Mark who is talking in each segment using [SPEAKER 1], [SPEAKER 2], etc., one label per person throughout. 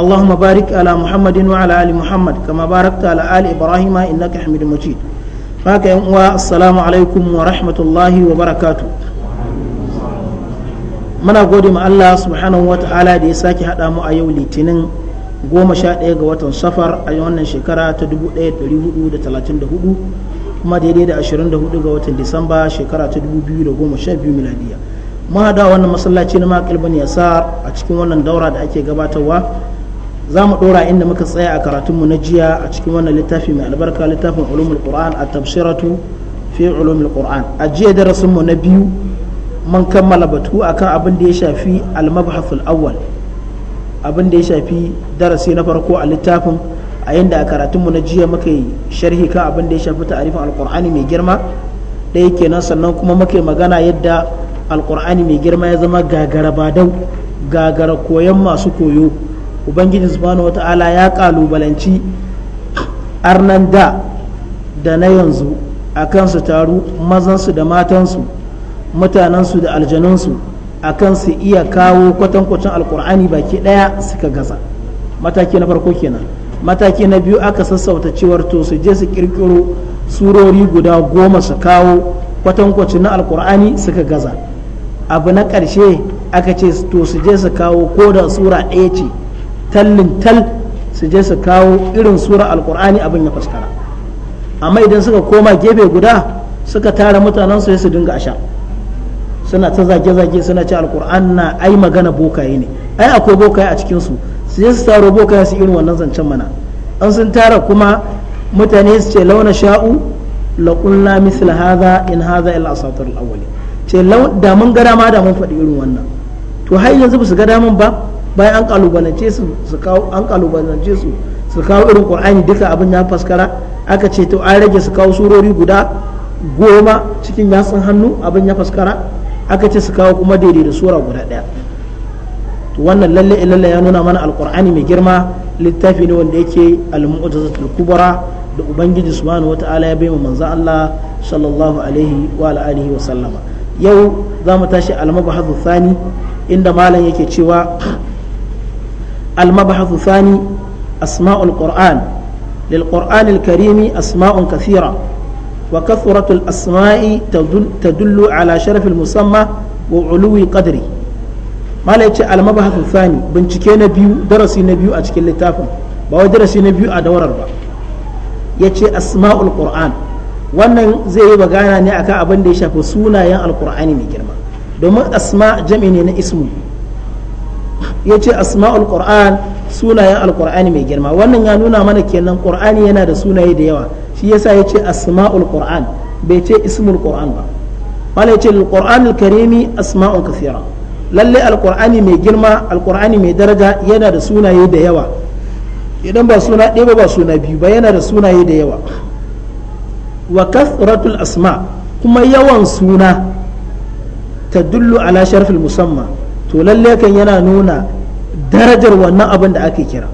[SPEAKER 1] اللهم بارك على محمد وعلى آل محمد كما ibrahim على آل إبراهيم إنك حميد مجيد فاك السلام عليكم ورحمة الله وبركاته muna gode ma Allah subhanahu wa ta'ala da ya sake haɗa mu a yau litinin goma sha safar a wannan shekara ta 1434 kuma daidai da 24 ga watan wannan masallaci na makil bani yasa a cikin wannan daura da ake gabatarwa za mu ɗora inda muka tsaya a karatunmu na jiya a cikin wannan littafi mai albarka littafin ulumul qur'an a tafsiratu fi ulumul qur'an a jiya darasinmu na biyu mun kammala batu akan abin da ya shafi al-mabhathul awwal abin da ya shafi darasi na farko a littafin a yadda a karatunmu na jiya muka yi sharhi kan abin da ya shafi ta'arifin alkur'ani mai girma ɗaya kenan sannan kuma muka yi magana yadda alkur'ani mai girma ya zama gagara badau gagara koyon masu koyo ubangiji subhanahu wata'ala ya kalubalanci arnan da da na yanzu a kansu taru mazansu da matansu mutanensu da aljanunsu a kansu su iya kawo kwatankwacin alkur'ani baki daya suka gaza mataki na farko kenan mataki na biyu aka sassauta cewar to su je su kirkiro surori guda goma su kawo kwatankwacin na alkur'ani suka gaza abu na ƙarshe aka ce to su je su kawo ko da sura ɗaya ce tallin tal su je su kawo irin sura alkur'ani abin ya fuskara amma idan suka koma gefe guda suka tara mutanen su su dinga asha suna ta zage-zage suna ci alkur'an na ai magana bokaye ne ai akwai bokaye a cikin su su je su taro bokaye su irin wannan zancen mana an sun tara kuma mutane su ce launa sha'u la qulna misla hadha in hadha illa asatir al ce da mun ga dama da mun faɗi irin wannan to har yanzu ba su ga daman ba bayan an kalubalance su su kawo an kalubalance su su kawo irin qur'ani duka abin ya faskara aka ce to an rage su kawo surori guda goma cikin yatsun hannu abin ya faskara aka ce su kawo kuma daidai da sura guda daya to wannan lalle lalle ya nuna mana alqur'ani mai girma littafi ne wanda yake al-mu'jizatul kubra da ubangiji subhanahu wata'ala ya bayyana manzo Allah sallallahu alaihi wa alihi wa sallama yau za mu tashi al-mabahathu thani inda malam yake cewa المبحث الثاني أسماء القرآن للقرآن الكريم أسماء كثيرة وكثرة الأسماء تدل, تدل على شرف المسمى وعلو قدره ما لا يتشاء المبحث الثاني بنشكي نبيو درسي نبيو أتشكل لتافن بأو درسي نبيو أدور أربع يتشاء أسماء القرآن wannan zai yi bagana ne akan abin da ya shafi sunayen alkur'ani mai girma domin asma jam'i ne na ismu ya ce asma'ul qur'an sunayen alqur'ani mai girma wannan ya nuna mana kenan qur'ani yana da sunaye da yawa shi yasa ya ce asma'ul qur'an bai ce ismul qur'an ba wala ya ce alqur'an karimi asma'un kathira lalle alqur'ani mai girma alqur'ani mai daraja yana da sunaye da yawa idan ba suna ɗaya ba ba suna biyu ba yana da sunaye da yawa wa kathratul asma kuma yawan suna tadullu ala sharfil musamman to lalle kan yana nuna darajar wannan abin da ake kira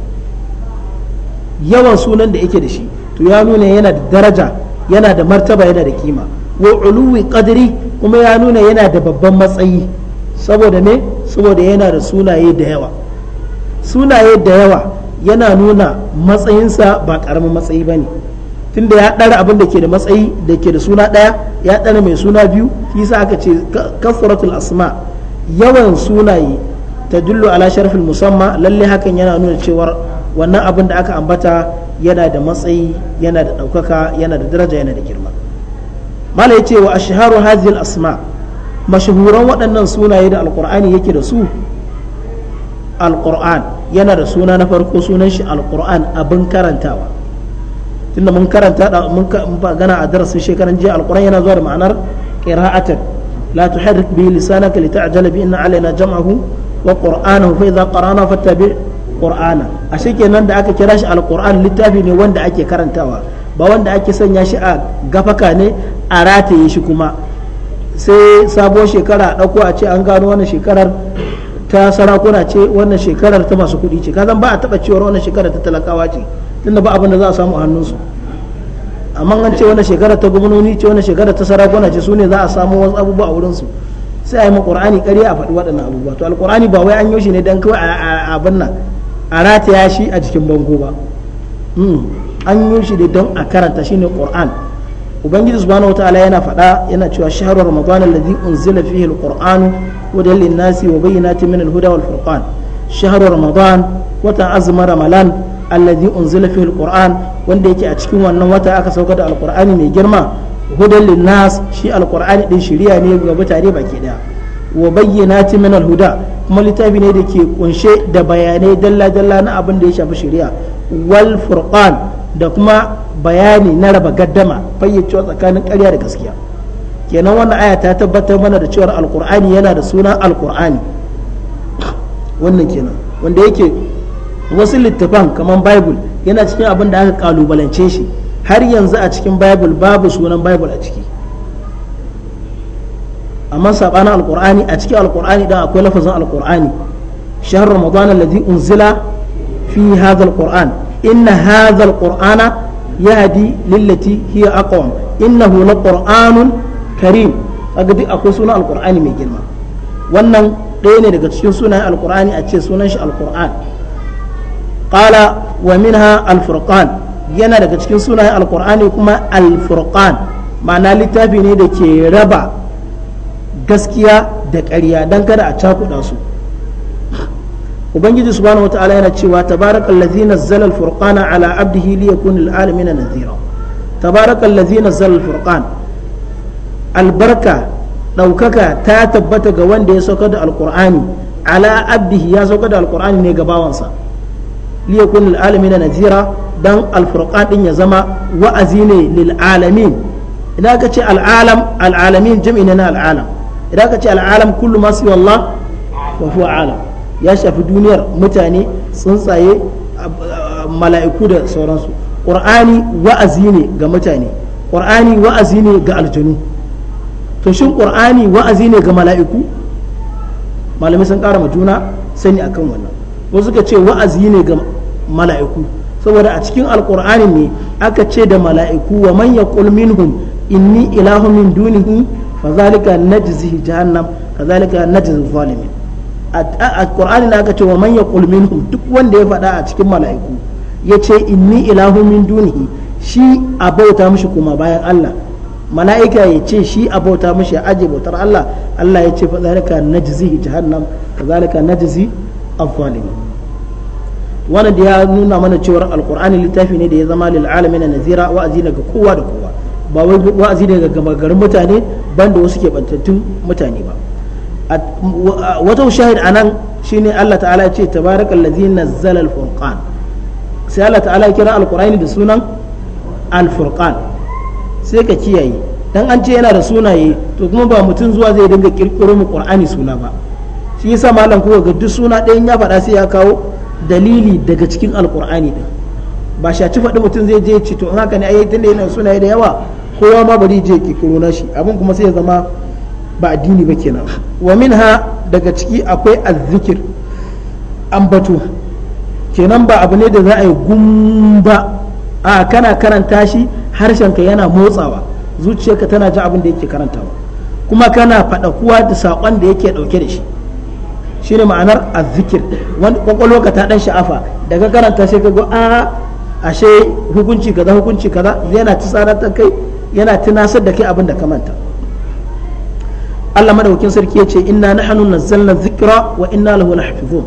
[SPEAKER 1] yawan sunan da yake da shi to ya nuna yana da daraja yana da martaba yana da kima wa uluwi qadri kuma ya nuna yana da babban matsayi saboda me saboda yana da sunaye da yawa sunaye da yawa yana nuna matsayinsa ba karamin matsayi bane tunda ya ɗara abin da ke da matsayi da ke da suna ɗaya ya ɗara mai suna biyu kisa aka ce kafaratul asma' yawan sunaye ta dullo ala sharfin musamma lalle hakan yana nuna cewar wannan abin da aka ambata yana da matsayi yana da ɗaukaka yana da daraja yana da girma mala ya ce wa ashharu hadhihi asma mashahuran waɗannan sunaye da alƙur'ani yake da su alƙur'an yana da suna na farko sunan shi alƙur'an abin karantawa tunda mun karanta mun gana a darasin shekaran jiya alƙuran yana zuwa da ma'anar ƙira'atar لا تحرك به لسانك لتعجل بأن علينا جمعه وقرآنه فإذا قرأنا فاتبع قرآنا ashe kenan da aka kira shi alquran littafi ne wanda ake karantawa ba wanda ake sanya shi a gafaka ne a rataye shi kuma sai sabo shekara a ɗauko a ce an gano wannan shekarar ta sarakuna ce wannan shekarar ta masu kuɗi ce kazan ba a taɓa cewar wannan shekarar ta talakawa ce tunda ba abin da za a samu a su. amma an ce wani shekara ta gwamnoni ce wani shekara ta sarakuna ce su ne za a samu wasu abubuwa a wurinsu sai a yi maƙur'ani ƙarya a faɗi waɗannan abubuwa to alƙur'ani ba wai an yoshi ne don kawai a abin a rataya shi a cikin bango ba hmm. an yoshi ne don a karanta shi ne ƙur'an ubangiji subhanahu ta'ala yana faɗa yana cewa shahru ramadan alladhi unzila fihi alqur'anu hudan lin-nasi wa bayyinatin min al-huda wal furqan shahru ramadan watan azumin ramadan allazi unzila fil qur'an wanda yake a cikin wannan wata aka sauka da alqur'ani mai girma hudan linnas shi alqur'ani din shiriya ne ga mutane baki daya wa bayyinati min alhuda kuma littafi ne da ke kunshe da bayanai dalla dalla na abin da ya shafi shiriya wal furqan da kuma bayani na raba gaddama fayyacewa tsakanin ƙarya da gaskiya kenan wannan aya ta tabbatar mana da cewa alqur'ani yana da sunan alqur'ani wannan kenan wanda yake wasu littafan kamar bible yana cikin abin da aka kalubalance shi har yanzu a cikin bible babu sunan bible a ciki amma sabanin alkur'ani a cikin alkur'ani dan akwai lafazin alkur'ani shahar ramadan alladhi unzila fi hadha alquran inna hadha alqur'ana yahdi lillati hiya aqwam innahu laqur'anun karim kaga duk akwai sunan alkur'ani mai girma wannan ɗaya ne daga cikin sunayen alkur'ani a ce sunan shi alkur'ani qala wa minha yana daga cikin sunayen alkur'ani kuma al ma'ana littafi ne da ke raba gaskiya da ƙarya don kada a cakuɗa su ubangiji subhanahu wa ta'ala yana cewa tabarakal ladzi nazzala al-furqana ala abdihi li yakuna lil nadhira tabarakal ladzi nazzala al albarka daukaka ta tabbata ga wanda ya sauka da alkur'ani ala abdihi ya sauka da alkur'ani ne ga bawansa liyakun na nazira dan alfurqan din ya zama wa'azi ne lil'alamin idan ka ce al'alam al'alamin jam'i ne na al'alam idan ka ce al'alam kullu ma siwa Allah wa huwa alam ya shafi duniyar mutane tsuntsaye mala'iku da sauransu qur'ani wa'azi ne ga mutane qur'ani wa'azi ne ga aljanu to shin qur'ani wa'azi ne ga mala'iku malamai sun kara ma juna sani akan wannan wasu suka ce wa'azi ne ga mala'iku saboda a cikin alkur'ani ne aka ce da mala'iku wa man yaqul minhum inni ilahu min dunihi zalika najzihi jahannam zalika najzi zalimin alqur'ani ne aka ce wa man yaqul minhum duk wanda ya faɗa a cikin mala'iku yace inni ilahu min dunihi shi abauta mishi kuma bayan Allah mala'ika ya ce shi abauta mishi ya aje bautar Allah Allah ya ce zalika najzihi jahannam zalika najzi zalimin wannan da ya nuna mana cewar alkurani littafi ne da ya zama lil alamin nazira wa'azi daga kowa da kowa ba wai wa'azi daga gama garin mutane banda wasu ke bantattun mutane ba wata shahid anan shine Allah ta'ala ya ce tabarakal ladzi nazzala al sai Allah ta'ala ya kira alkur'ani da sunan al-furqan sai ka kiyaye dan an ce yana da sunaye to kuma ba mutum zuwa zai dinga kirkiro mu qur'ani suna ba shi yasa malam kuka ga duk suna ɗayan ya faɗa sai ya kawo dalili daga cikin alkur'ani din ba shi ci faɗi mutum zai je ci to in haka ne ayi tunda yana suna da yawa kowa ma bari je kikiro na shi abin kuma sai ya zama ba addini ba kenan wa minha daga ciki akwai azzikir ambato kenan ba abu ne da za a yi gumba a kana karanta shi harshenka yana motsawa zuciyarka tana ji abin da yake karantawa kuma kana faɗa kuwa da saƙon da yake ɗauke da shi shine ma'anar azzikir wani kwakwalwa ka ta dan sha'afa daga karanta sai ka go a ashe hukunci kaza hukunci kaza yana ta kai yana tunasar da kai abin da ka manta Allah madaukakin sarki ya ce inna nahnu nazzalna dhikra wa inna lahu lahafizun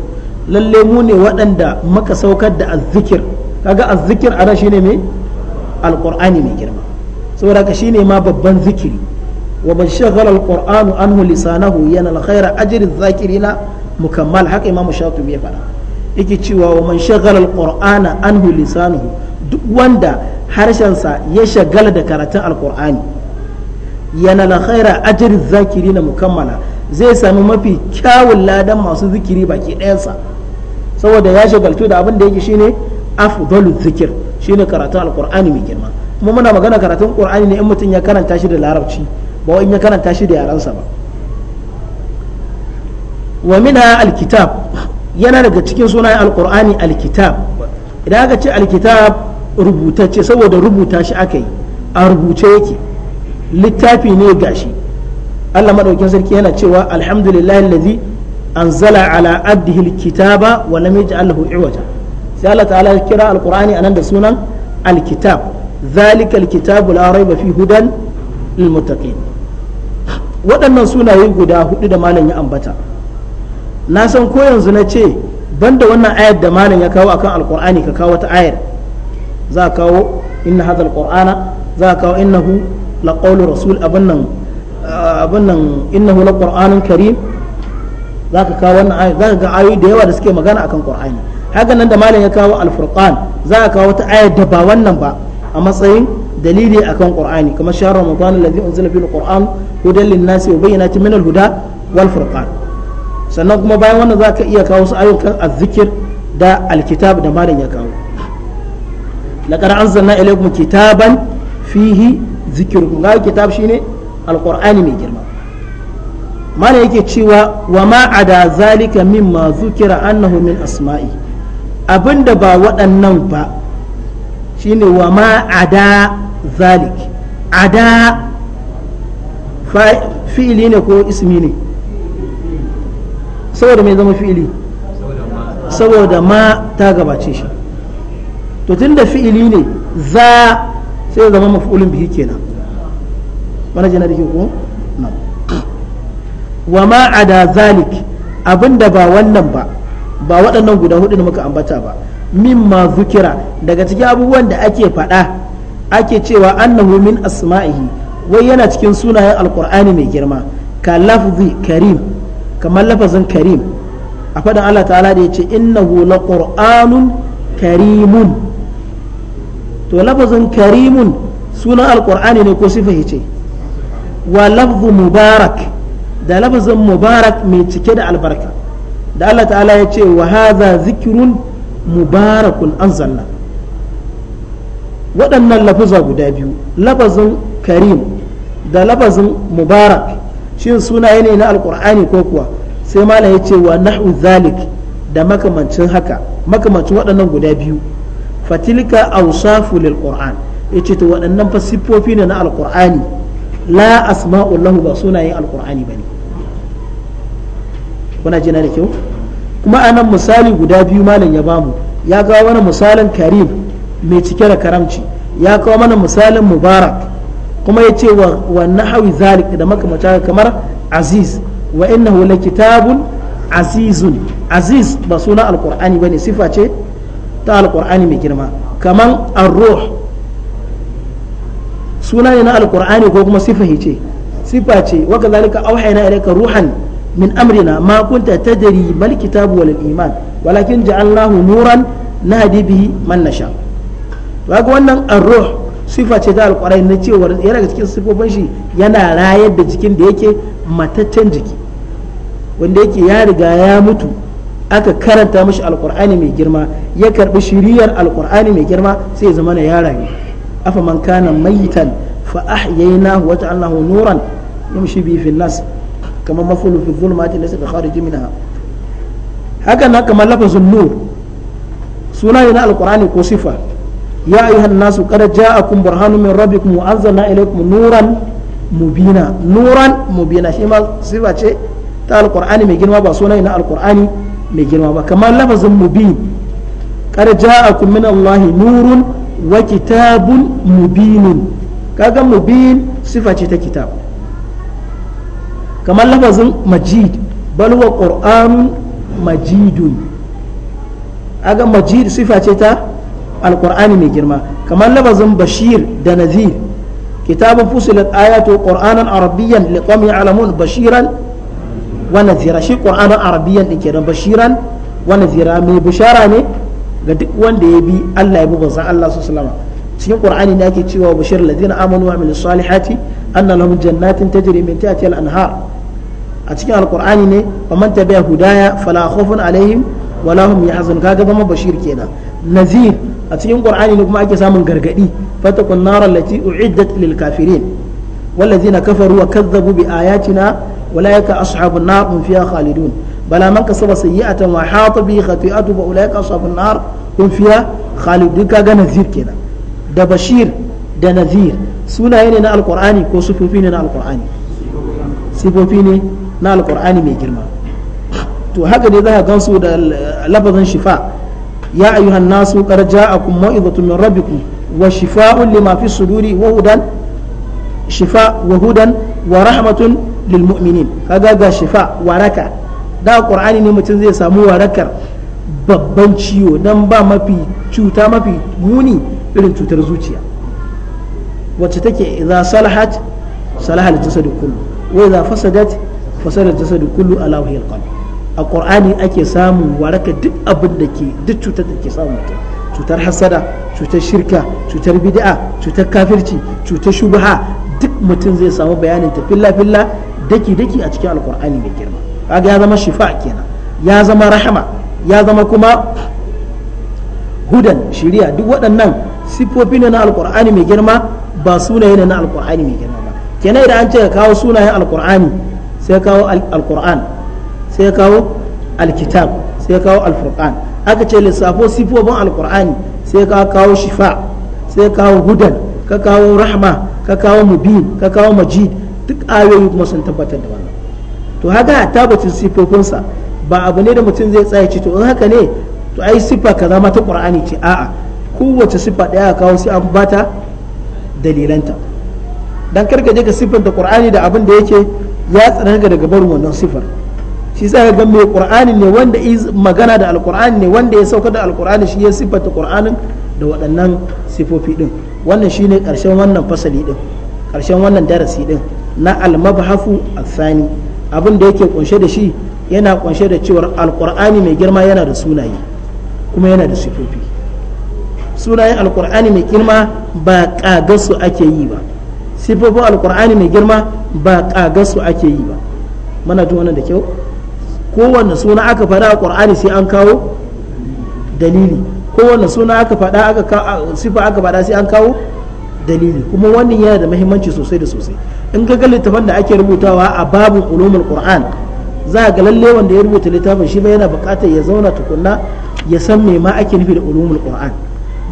[SPEAKER 1] lalle mu ne waɗanda muka saukar da azzikir kaga azzikir a shine me alqur'ani mai girma saboda ka shine ma babban zikiri wa man shaghala alqur'anu anhu lisanahu yana alkhaira zakiri dhakirina mukammal haka imam shatu ya faɗa yake cewa wa man shagala alqur'ana anhu lisanuhu duk wanda harshen sa ya shagala da karatun alqur'ani yana la khaira ajri zakirina mukammala zai sami mafi kyawun ladan masu zikiri baki ɗayansa saboda ya shagaltu da abin da yake shine afdalu zikir shine karatun alqur'ani mai girma kuma muna magana karatun qur'ani ne in mutum ya karanta shi da larabci ba in ya karanta shi da yaransa ba wa minha alkitab yana daga cikin sunayen alkur'ani alkitab idan aka ce alkitab rubutacce saboda rubuta shi aka yi a rubuce yake littafi ne gashi Allah madaukin sarki yana cewa alhamdulillahi allazi anzala ala abdihi alkitaba wa lam yaj'al lahu iwaja sai Allah ta'ala kira alkurani anan da sunan alkitab zalika alkitabu la raiba fi hudan lil waɗannan sunaye guda hudu da malam ya ambata na san ko yanzu na ce banda wannan ayar da malam ya kawo akan alqur'ani ka kawo wata ayar za ka kawo inna hadha alqur'ana za ka kawo innahu laqawlu rasul abin nan abin nan innahu laqur'anun karim za ka kawo wannan ayar za ka ga ayoyi da yawa da suke magana akan qur'ani haka nan da malam ya kawo alfurqan za ka kawo wata ayar da ba wannan ba a matsayin dalili akan qur'ani kamar shahr ramadan alladhi unzila fihi alquran hudan lin-nasi wa bayyinatin min al-huda wal furqan sannan kuma bayan wannan za ka iya kawo su ayyukan azzikir da alkitab da malam ya kawo an zanna ilaikum kitaban fihi zikrukum ga kitab shine alqur'ani mai girma mana yake cewa wa ma ada zalika mimma zukira annahu min asma'i abinda ba waɗannan ba shine wa ma ada zalik ada fi'ili ne ko ismi ne saboda mai zama fi'ili saboda ma ta gabace shi to tun da fi'ili ne za sai zama maf'ulun bihi kenan wani jina da ke ko wa ma ada zalik abinda ba wannan ba ba waɗannan guda hudu da muka ambata ba mimma zukira daga cikin abubuwan da ake faɗa ake cewa annahu min asma'ihi wai yana cikin sunayen alkur'ani mai girma ka lafzi karim kamar lafazin karim a faɗin Allah ta'ala da ya ce innahu la qur'anun karimun to lafazin karimun sunan alƙur'ani ne ko sifa ce wa lafzu mubarak da lafazin mubarak mai cike da albarka da Allah ta'ala ya ce wa hadha zikrun mubarakun anzalna waɗannan lafaza guda biyu lafazin karim da lafazin mubarak shin sunaye ne na alkur'ani ko kuwa sai malam ya ce wa nah'u zalik da makamancin haka makamancin waɗannan guda biyu fatilka awsafu lil qur'an yace to waɗannan fa siffofi ne na alkur'ani la asma'u lahu ba yin alkur'ani bane kuna jina da kyau kuma anan misali guda biyu malam ya bamu ya kawo mana misalin karim mai cike da karamci ya kawo mana misalin mubarak kuma ya ce wa hawi zalik da makamata kamar aziz wa innahu la kitabun azizun aziz ba suna alqur'ani bane sifa ce ta alqur'ani mai girma kaman ar-ruh suna ne na alqur'ani ko kuma sifa ce sifa ce wa kadhalika ilayka ruhan min amrina ma kunta tadri mal kitabu wal iman walakin ja'alnahu nuran nahdi bihi man nasha wannan ar-ruh sifa ce ta alƙwarai na cewar yana cikin sifofin shi yana rayar da jikin da yake mataccen jiki wanda yake ya riga ya mutu aka karanta mashi alƙur'ani mai girma ya karɓi shiriyar alƙur'ani mai girma sai ya zama na ya rayu afa man kana mayitan fa ahyaynahu wa ja'alnahu nuran yamshi bi fil nas kama mafulu fi dhulumati laysa bi kharij minha haka na kamar lafazun nur suna ne na alƙur'ani ko sifa يا أيها الناس قد جاءكم برهان من ربكم وأنزلنا إليكم نورا مبينا نورا مبينا شيما سيبا شيء تا القرآن مجين وابا سونا إن القرآن مجين وابا كما لفظ مبين قد جاءكم من الله نور وكتاب مبين كاغا مبين صفة كتاب كما لفظ مجيد بل هو قرآن مجيد أجا مجيد صفة alkur'ani mai girma kamar labazin bashir da nazir kitabun fusilat ayatu qur'anan arabiyyan liqawmin ya'lamun bashiran wa nazira shi qur'anan arabiyyan din kenan bashiran wa nazira mai bishara ne ga duk wanda ya bi Allah ya bi za Allah su salama cikin qur'ani ne ake cewa bashir ladina amanu wa amilus salihati anna lahum jannatin tajri min tahtiha al-anhar a cikin alqur'ani ne faman tabi'a hudaya fala khawfun alaihim wala hum yahzanun kaga zama bashir kenan nazir a cikin qur'ani ne kuma ake samun gargadi fatakun nar allati uiddat lil kafirin wallazina kafaru wa kadzabu bi ayatina walaika ashabun nar hum fiha khalidun bala man kasaba sayi'atan wa hata bi khati'atu fa ulaika ashabun nar hum fiha khalidun kaga nazir kenan da bashir da nazir sunaye ne na alqur'ani ko sufufi ne na alqur'ani sufufi ne na alqur'ani mai girma to haka dai za ka gansu da lafazin shifa يا أيها الناس قد جاءكم موعظة من ربكم وشفاء لما في الصدور وهدى شفاء وهدى ورحمة للمؤمنين هذا شفاء وركة da qur'ani ne mutum zai samu warakar babban ciwo dan ba mafi cuta mafi muni irin cutar zuciya wacce take idza salahat salaha al-jasad kullu wa idza fasadat fasada al-jasad kullu ala a ƙur'ani ake samun waraka duk abin da ke duk cutar da ke samun mutum cutar hasada cutar shirka cutar bid'a cutar kafirci cutar shubha duk mutum zai samu bayanin ta filla filla daki daki a cikin alƙur'ani mai girma kaga ya zama shifa kenan ya zama rahama ya zama kuma hudan shiriya duk waɗannan siffofi ne na alƙur'ani mai girma ba sunaye ne na alƙur'ani mai girma ba kenan idan an ce kawo sunayen alƙur'ani sai kawo alƙur'an sai ya kawo alkitab sai ya kawo alfurqan aka ce lissafo sifofin alqur'ani sai ya kawo shifa sai ya kawo hudan ka kawo rahma ka kawo mubin ka kawo majid duk ayoyi kuma sun tabbatar da wannan to haka tabbacin sifofinsa ba abu ne da mutum zai tsaya ce to in haka ne to ai siffa ka zama ta qur'ani ce a'a kowace siffa daya kawo sai an bata dalilanta dan karka je ka siffanta ƙur'ani da abin da yake ya tsananga daga barin wannan siffar shi sai ga mai qur'ani ne wanda magana da alqur'ani ne wanda ya saukar da alqur'ani shi ya sifata qur'anin da waɗannan sifofi din wannan shine karshen wannan fasali din karshen wannan darasi din na al-mabhafu sani abin da yake kunshe da shi yana kunshe da cewar alqur'ani mai girma yana da sunaye kuma yana da sifofi sunayen alqur'ani mai girma ba kagasu ake yi ba sifofin alqur'ani mai girma ba kagasu ake yi ba mana ji wannan da kyau kowanne suna aka faɗa a ƙur'ani sai an kawo dalili kowanne suna aka faɗa aka sifa aka faɗa sai an kawo dalili kuma wannan yana da mahimmanci sosai da sosai in ka ga littafan da ake rubutawa a babin ulumul qur'an za a ga lalle wanda ya rubuta littafin shi ba yana buƙatar ya zauna tukunna ya san me ma ake nufi da ulumul qur'an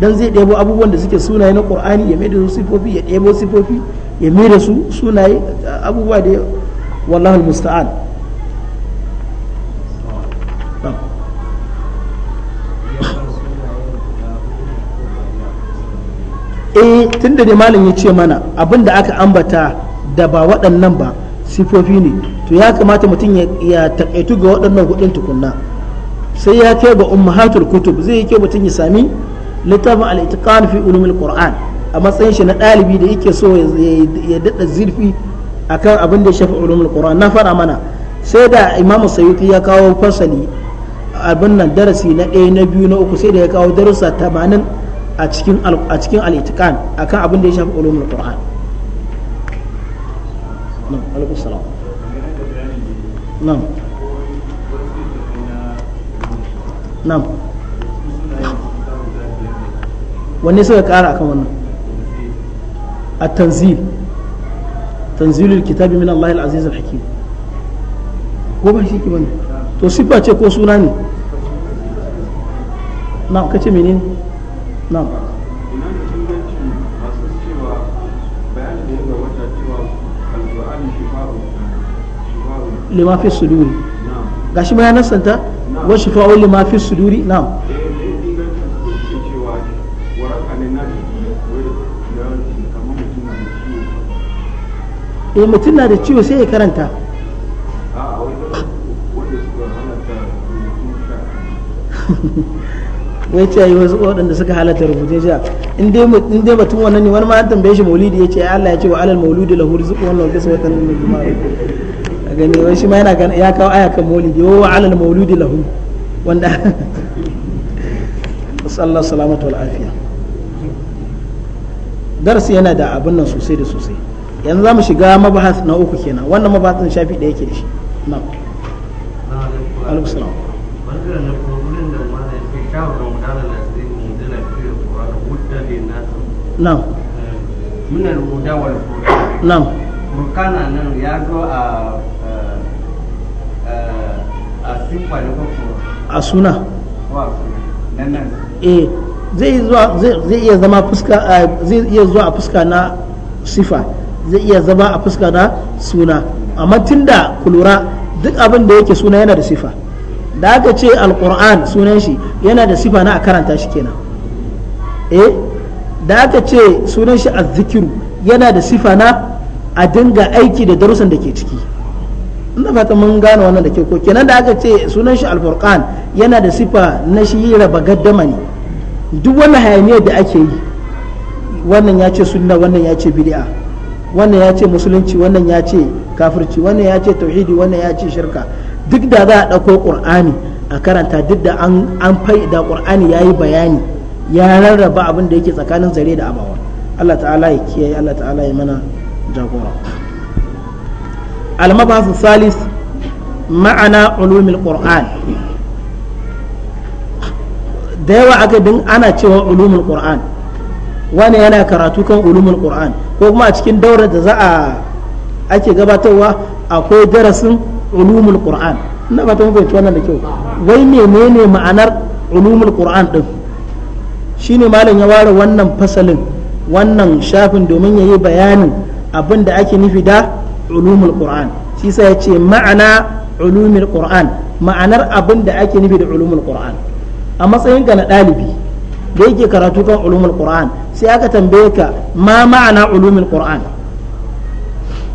[SPEAKER 1] dan zai ɗebo abubuwan da suke sunaye na qur'ani ya maida su sifofi ya ɗebo sifofi ya maida su sunaye abubuwa da wallahul musta'an tun da malam ya ce mana abin da aka ambata da ba waɗannan ba sifofi ne to ya kamata mutum ya taƙaitu ga waɗannan hudun tukunna sai ya ke ga ummahatul kutub zai yi kyau mutum ya sami littafin al fi ulumul qur'an a matsayin shi na ɗalibi da yake so ya daɗa zirfi akan abin da ya shafi ulumul qur'an na fara mana sai da imamu sayyidi ya kawo fasali abin nan darasi na ɗaya na biyu na uku sai da ya kawo darussa tamanin a cikin a cikin al akan abin da ya shafi ulumul qur'an nan alaikum salam nan nan wanne suka kara akan wannan at-tanzil tanzilul kitabi min Allah al hakim ko ba shi ke bane to sifa ce ko suna ne na kace na'am ina da inganci masu cewa bayanin da ya gabata cewa lima fi suduri gashi ma ya lima fi suduri mutum na da ciwo sai ya karanta wai ce yi wasu waɗanda suka halatta rubuce shi in dai batun wannan ne wani ma an tambaye shi maulidi ya ce Allah ya ce wa alal mauludi lahu rizqu wannan kisa watan majma'i a gani wai shi ma yana kan ya kawo aya kan maulidi wa alal mauludi lahu wanda sallallahu salamatu wal afiya darsi yana da abin nan sosai da sosai yanzu za mu shiga mabahas na uku kenan wannan mabahasin shafi ɗaya ke da shi na alaikum salam nan min al-huda wal furqan nan ya zo a a da kuma a suna wa eh zai zai iya zama fuska zai iya zuwa a fuska na sifa zai iya zama a fuska na suna amma tunda kulura duk abin da yake suna yana da sifa da aka ce alquran sunan shi yana da sifa na a karanta shi kenan eh da aka ce sunan shi zikiru yana da sifa na a dinga aiki da darusan da ke ciki ina fata mun gane wannan da ke ko kenan da aka ce sunan shi alfurqan yana da sifa na shi raba gaddama ne duk wani hayaniyar da ake yi wannan ya ce sunna wannan ya ce bid'a wannan ya ce musulunci wannan ya ce kafirci wannan ya ce tauhidi wannan ya ce shirka duk da za a ɗauko ƙur'ani a karanta duk da an fai da ƙur'ani ya yi bayani ya rarraba abin da yake tsakanin zare da abawa Allah ta'ala ya kiyaye Allah ta'ala ya mana jagora al-mabasu salis ma'ana ulumul qur'an da yawa aka din ana cewa ulumul qur'an wani yana karatu kan ulumul qur'an ko kuma a cikin daurar da za a ake gabatarwa akwai darasin ulumul qur'an na ba ta mafi wannan da kyau wai menene ma'anar ulumul qur'an din shine malam ya ware wannan fasalin wannan shafin domin ya yi bayanin abin da ake nufi da ulumul qur'an shi sa ya ce ma'ana ulumul qur'an ma'anar abin da ake nufi da ulumul qur'an a matsayin ka na ɗalibi da yake karatu kan ulumul qur'an sai aka tambaye ka ma ma'ana ulumul qur'an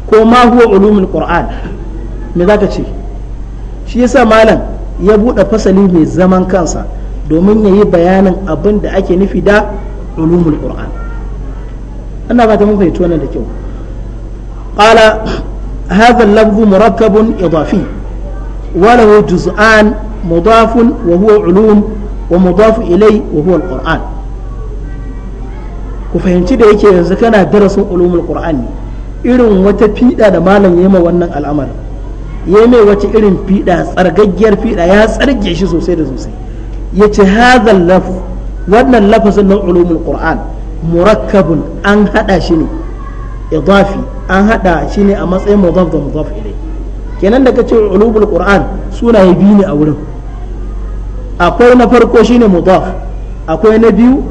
[SPEAKER 1] ko ma huwa ulumul qur'an me zaka ce shi yasa malam ya buɗe fasali mai zaman kansa domin ya yi bayanin abin da ake nufi da ulumul qur'an ana ba ta mun wannan da kyau qala hadha al-lafz murakkabun idafi wa lahu juz'an مضاف وهو علوم ومضاف إليه وهو القرآن ku fahimci da yake yanzu kana darasin ulumul ne irin wata fiɗa da malam ya ma wannan al'amarin ya mai wata irin fiɗa tsargaggiyar fiɗa ya tsarge shi sosai da sosai yace hadha lafz wannan lafazin na ulumul qur'an murakkabun an hada shi ne idafi an hada shi ne a matsayin mudaf da mudaf ilai kenan da kace ulumul qur'an suna ya biyu ne a wurin akwai na farko shine mudaf akwai na biyu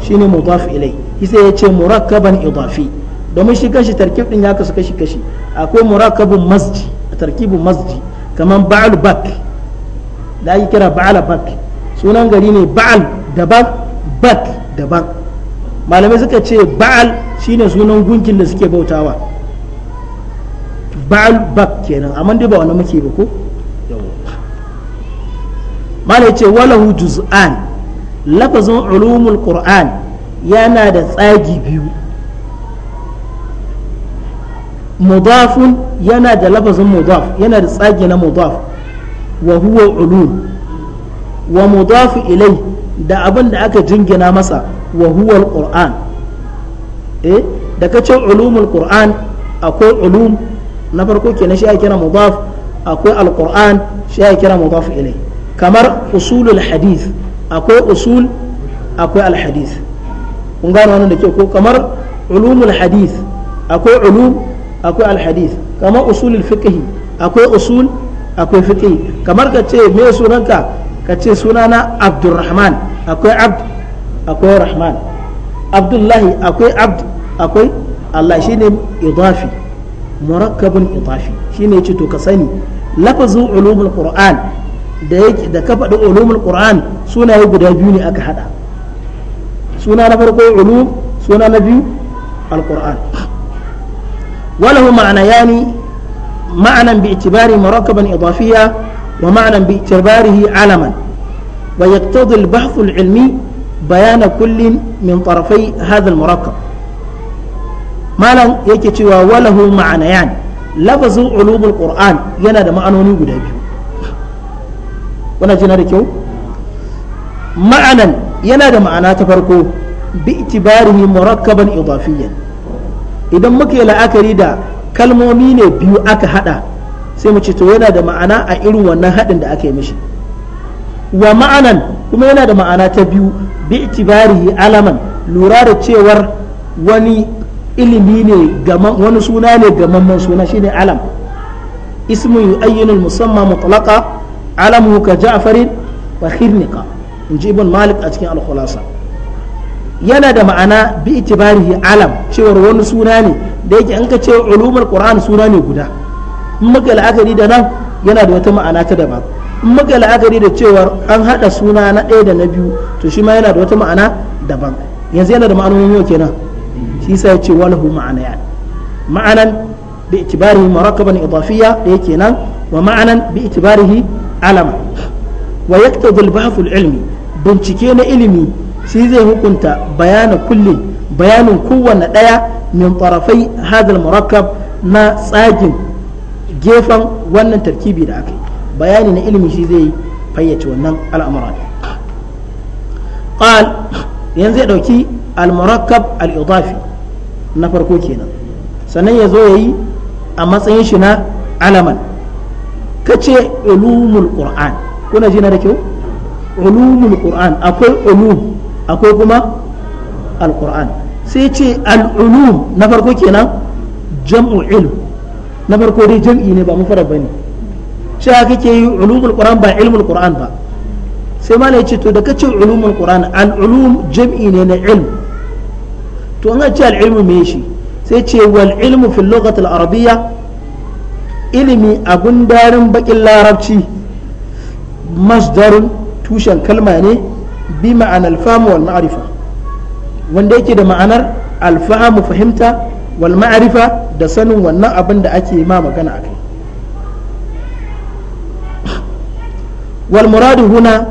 [SPEAKER 1] shine mudaf ilai sai ya ce murakkaban idafi domin shi kashi tarkib din ya kasu kashi kashi akwai murakkabun masji tarkibun masji kamar ba'al bak da ake kira ba'al bak sunan gari ne ba'al daban bat daban malamai suka ce ba'al shine sunan gunkin da suke bautawa ba'al bak kenan amma dai ba wani muke ba ko malai ce walahu juz'an lafazin ulumul qur'an yana da tsagi biyu mudafun yana da lafazin mudaf yana da tsagi na mudaf wa huwa ulum wa mudafu ilai da abin da aka jingina masa wa huwa alquran eh da kace ulumul qur'an akwai ulum na farko kenan shi ake kira mudaf akwai alquran shi ake kira mudaf ilai kamar usulul hadith akwai usul akwai alhadith kun gano wannan da ke ko kamar ulumul hadith akwai ulum akwai alhadith kamar usulul fiqh akwai usul akwai fiqh kamar ka ce me sunanka ka ce sunana abdurrahman akwai abd akwai rahman abdullahi akwai abd akwai allah shine idafi murakkabun idafi shine ce to ka sani lafazin ulumul qur'an da yake da ka faɗi ulumul qur'an sunaye guda biyu ne aka hada suna na farko ulum suna na biyu alqur'an walahu ma'ana yani ma'anan bi itibari murakkaban idafiyya wa ومعنى باعتباره علما ويقتضي البحث العلمي بيان كل min طرفي هذا المركب malam yake cewa walahu ma'anayan lafazin ulumul qur'an yana da ma'anoni guda biyu wannan jina da kyau ma'anan yana da ma'ana ta farko bi itibarihi murakkaban idafiyan idan muke la'akari da kalmomi ne biyu aka hada sai mu ce to yana da ma'ana a irin wannan haɗin da aka yi mishi wa ma'anan kuma yana da ma'ana ta biyu bi itibarihi alaman lura da cewar wani ilimi ne gaman wani suna ne gamamman suna shine alam ismu yu'ayyinu musamma mutlaqa alamu ka ja'farin wa khirnika inji ibn malik a cikin al-khulasa yana da ma'ana bi itibarihi alam cewar wani suna ne da yake an ka ce ulumul qur'an suna ne guda in muka la'akari da nan yana da wata ma'ana ta daban in muka la'akari da cewar an haɗa suna na ɗaya da na biyu to shi ma yana da wata ma'ana daban yanzu yana da ma'anonin yau kenan shi sa ya ce walahu ma'ana ya ma'anan bi itibarihi marakaban idafiyya ɗaya kenan wa ma'anan bi itibarihi alama wa yaktadi al-bahth ilmi bincike na ilimi shi zai hukunta bayanin kulli bayanin kowanne ɗaya min tarafai hadal murakkab na tsagin gefen wannan tarkibi da aka yi bayani na ilimi shi zai fayyace wannan al'amura qal yanzu ya dauki al-murakkab al-idafi na farko kenan sannan ya zo yayi a matsayin shi na alaman kace ulumul qur'an kuna ji na da kyau ulumul qur'an akwai ulum akwai kuma al-qur'an sai ce al-ulum na farko kenan jam'u ilm na farko dai jam'i ne ba mufarad bane shi haka ke yi ulumul qur'an ba ilmul qur'an ba sai malai ce to da kace ulumul qur'an al ulum jam'i ne na ilm to an ce al ilmu me shi sai ce wal ilmu fil lughati al arabiyya ilimi abun darin bakin larabci masdarun tushen kalma ne bi ma'anar famu wal ma'arifa wanda yake da ma'anar alfahamu fahimta wal ma'arifa da sanin wannan abin da ake ma magana a kai wal muradu huna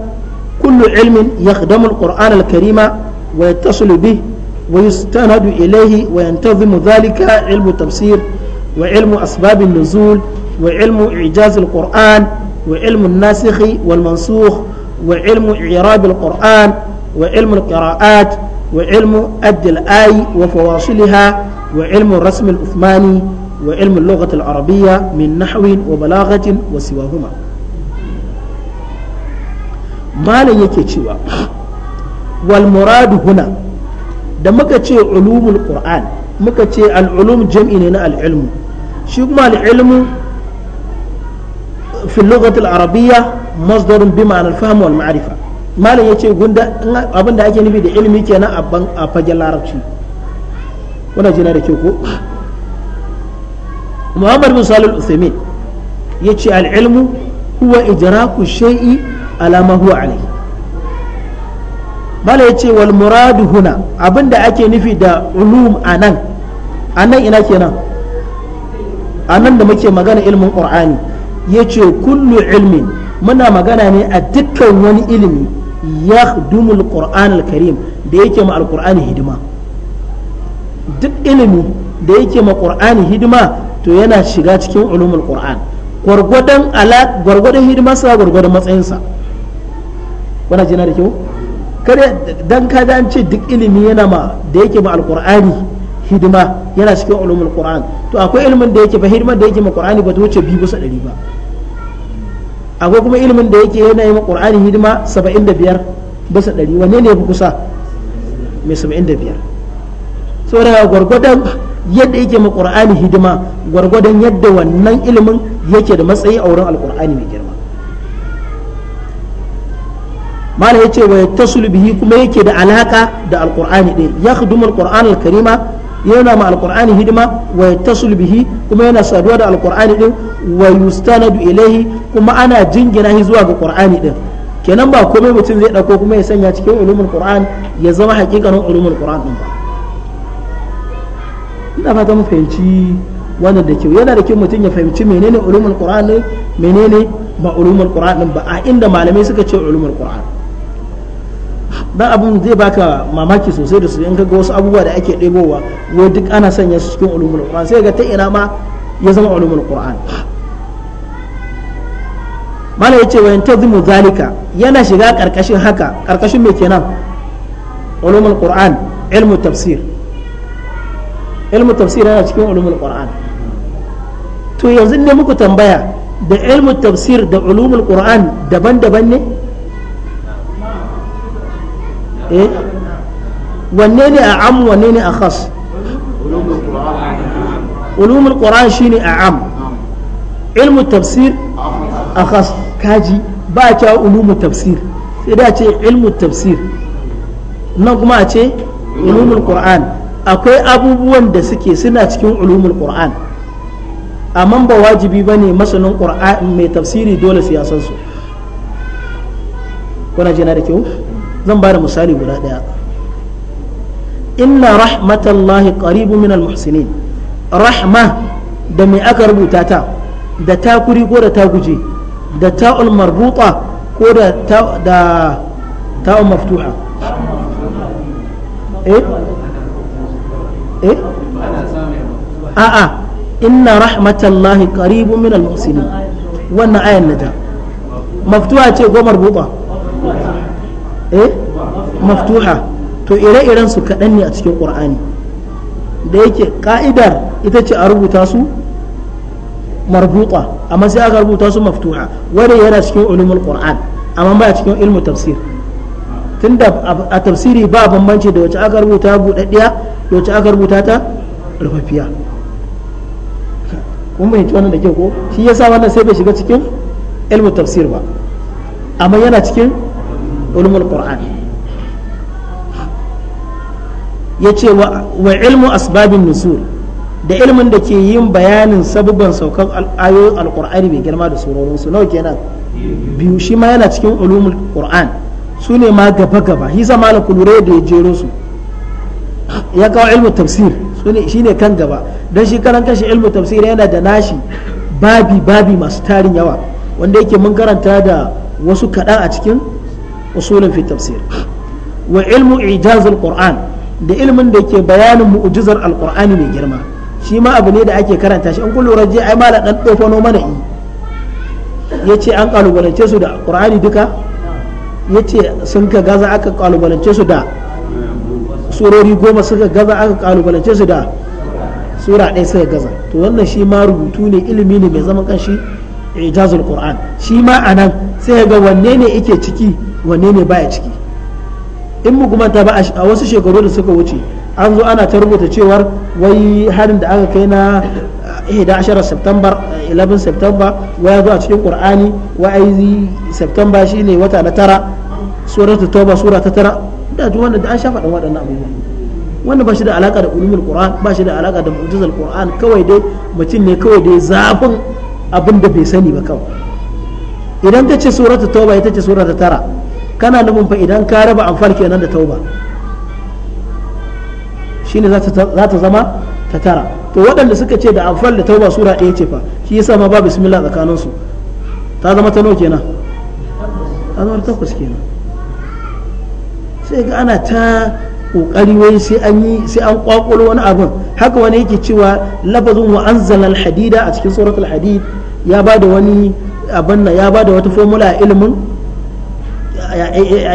[SPEAKER 1] kullu ilmin yakhdamu al-qur'an al-karima wa yattasilu bih wa yustanadu ilayhi wa yantazimu dhalika ilmu tafsir wa ilmu asbab an-nuzul wa ilmu i'jaz al-qur'an wa ilmu an-nasikh wal mansukh wa ilmu i'rab al-qur'an wa ilmu al-qira'at وعلم أد الآي وفواصلها وعلم الرسم العثماني وعلم اللغة العربية من نحو وبلاغة وسواهما ما لا يكتشوا والمراد هنا da muka ce ulumul qur'an muka ce al'ulum jam'i ne na al'ilmu shi kuma al'ilmu fi lughati al-arabiyya masdarun bi ma'ana al-fahm wal ma'rifa malam yace gunda abinda ake nufi da ilimi kenan a fagen larabci kuna jina da kyau ko muhammad bin salul usaimin ya ce al'ilmu huwa idraku shay'i ala ma huwa alai bala ya ce wal muradu huna abinda ake nufi da ulum anan anan ina kenan anan da muke magana ilmin qur'ani ya ce kullu ilmin muna magana ne a dukkan wani ilimi ya dumul qur'an al-karim da yake ma al-qur'ani hidima duk ilimi da yake ma qur'ani hidima to yana shiga cikin ulumul qur'an gwargwadon ala gwargwadon hidima sa gwargwadon matsayinsa wana jina da kyau kare dan ka an ce duk ilimi yana ma da yake ma alqur'ani hidima yana cikin ulumul qur'an to akwai ilimin da yake ba hidima da yake ma qur'ani ba ta wuce biyu bisa ɗari ba akwai kuma ilimin da yake yana yi ma qur'ani hidima 75 bisa ɗari wanne ne ya fi kusa mai 75 saboda gwargwadon yadda yake ma kur'ani hidima gwargwadon yadda wannan ilimin yake da matsayi a wurin alqur'ani mai girma malam yace wa yattasul bihi kuma yake da alaka da alqur'ani din yakhdumul qur'an alkarima yana ma alqur'ani hidima wa yattasul bihi kuma yana saduwa da alqur'ani ɗin wa yustanadu ilayhi kuma ana jingina shi zuwa ga ƙur'ani ɗin kenan ba komai mutum zai ɗauko kuma ya sanya cikin ulumul qur'an ya zama hakikanin ulumul qur'an din ba ina fata mu fahimci wannan da kyau yana da kyau mutum ya fahimci menene ulumul qur'an menene ba ulumul qur'an ba a inda malamai suka ce ulumul qur'an dan abun zai baka mamaki sosai da su in ga wasu abubuwa da ake ɗebowa wai duk ana sanya su cikin ulumul qur'an sai ga ta ina ma ya zama ulumul qur'an ya yace wa yantazimu zalika yana shiga karkashin haka karkashin mai kenan ulumul qur'an ilmu tafsir ilmu tafsir yana cikin ulumul qur'an to yanzu ne muku tambaya da ilmu tafsir da ulumul qur'an daban-daban ne eh wanne ne a am wanne ne a khas ulumul qur'an shine a am ilmu tafsir a khas kaji ba a cewa ulumul tafsir sai da ce ilmu tafsir nan kuma a ce ulumul qur'an akwai abubuwan da suke suna cikin ulumul qur'an amma ba wajibi ba ne masanin qur'an mai tafsiri dole sai san su kuna jina da kyau zan ba da misali guda daya inna rahmatallahi qaribu min almuhsinin rahma da mai aka rubuta ta da ta kuri ko da ta guje da ta'ul marbuta ko da da ta'ul maftuha eh eh a'a inna rahmatallahi qaribun min al wannan ayan naja maftuha ce ko marbuta eh maftuha to ire-iren su kaɗan ne a cikin qur'ani da yake ka'idar ita ce a rubuta su marbuta amma sai aka rubuta su maftuha wanda yana cikin ulumul qur'an amma ba cikin ilmu tafsir tunda a tafsiri ba bambanci da wacce aka rubuta budaddiya wacce aka rubuta ta rufaffiya kun bai wannan da kyau ko shi ya sa wannan sai bai shiga cikin ilmu tafsir ba amma yana cikin ulumul qur'an ya ce wa ilmu asbabin nusul da ilmin da ke yin bayanin sabubban saukan ayoyin alqur'ani mai girma da surorinsu nawa kenan biyu shi ma yana cikin ulumul qur'an su ne ma gaba gaba hisa malam kulure da ya jero su ya kawo ilmu tafsir shi ne kan gaba don shi karan kashi ilmu tafsir yana da nashi babi babi masu tarin yawa wanda yake mun karanta da wasu kaɗan a cikin usulun fi tafsir wa ilmu ijazul qur'an da ilmin da ke bayanin mu'jizar alqur'ani mai girma shi ma abu ne da ake karanta shi in kun lura je ai malam dan mana yi yace an kalubalance su da qur'ani duka yace sun ka gaza aka kalubalance su da surori goma suka gaza aka kalubalance su da sura ɗaya suka gaza to wannan shi ma rubutu ne ilimi ne mai zaman kanshi ijazul qur'an shi ma a nan sai ga wanne ne yake ciki wanne ne baya ciki in mu kuma ta ba a wasu shekaru da suka wuce an zo ana ta rubuta cewar wai harin da aka kai na 11 eh, september 11 september wai zo a cikin qur'ani wai september shine wata na tara suratul tauba sura ta tara da duk wanda da an shafa dan waɗannan abubuwa wanda ba shi da alaka da ulumul qur'an ba shi da alaka da mu'jizal qur'an kawai dai mutum ne kawai dai zafin abin da bai sani ba kawai idan ta ce suratul tauba ita ce surata tara kana nufin fa idan ka raba amfal kenan da tauba shine za ta zama ta tara to waɗanda suka ce da amfal da tauba sura ɗaya ce fa shi yasa ma ba bismillah tsakaninsu ta zama ta nawa kenan ta zama takwas kenan sai ga ana ta kokari wai sai an yi sai an kwakwalo wani abun haka wani yake cewa lafazin wa anzala hadida a cikin suratul hadid ya bada wani abin nan ya bada wata formula a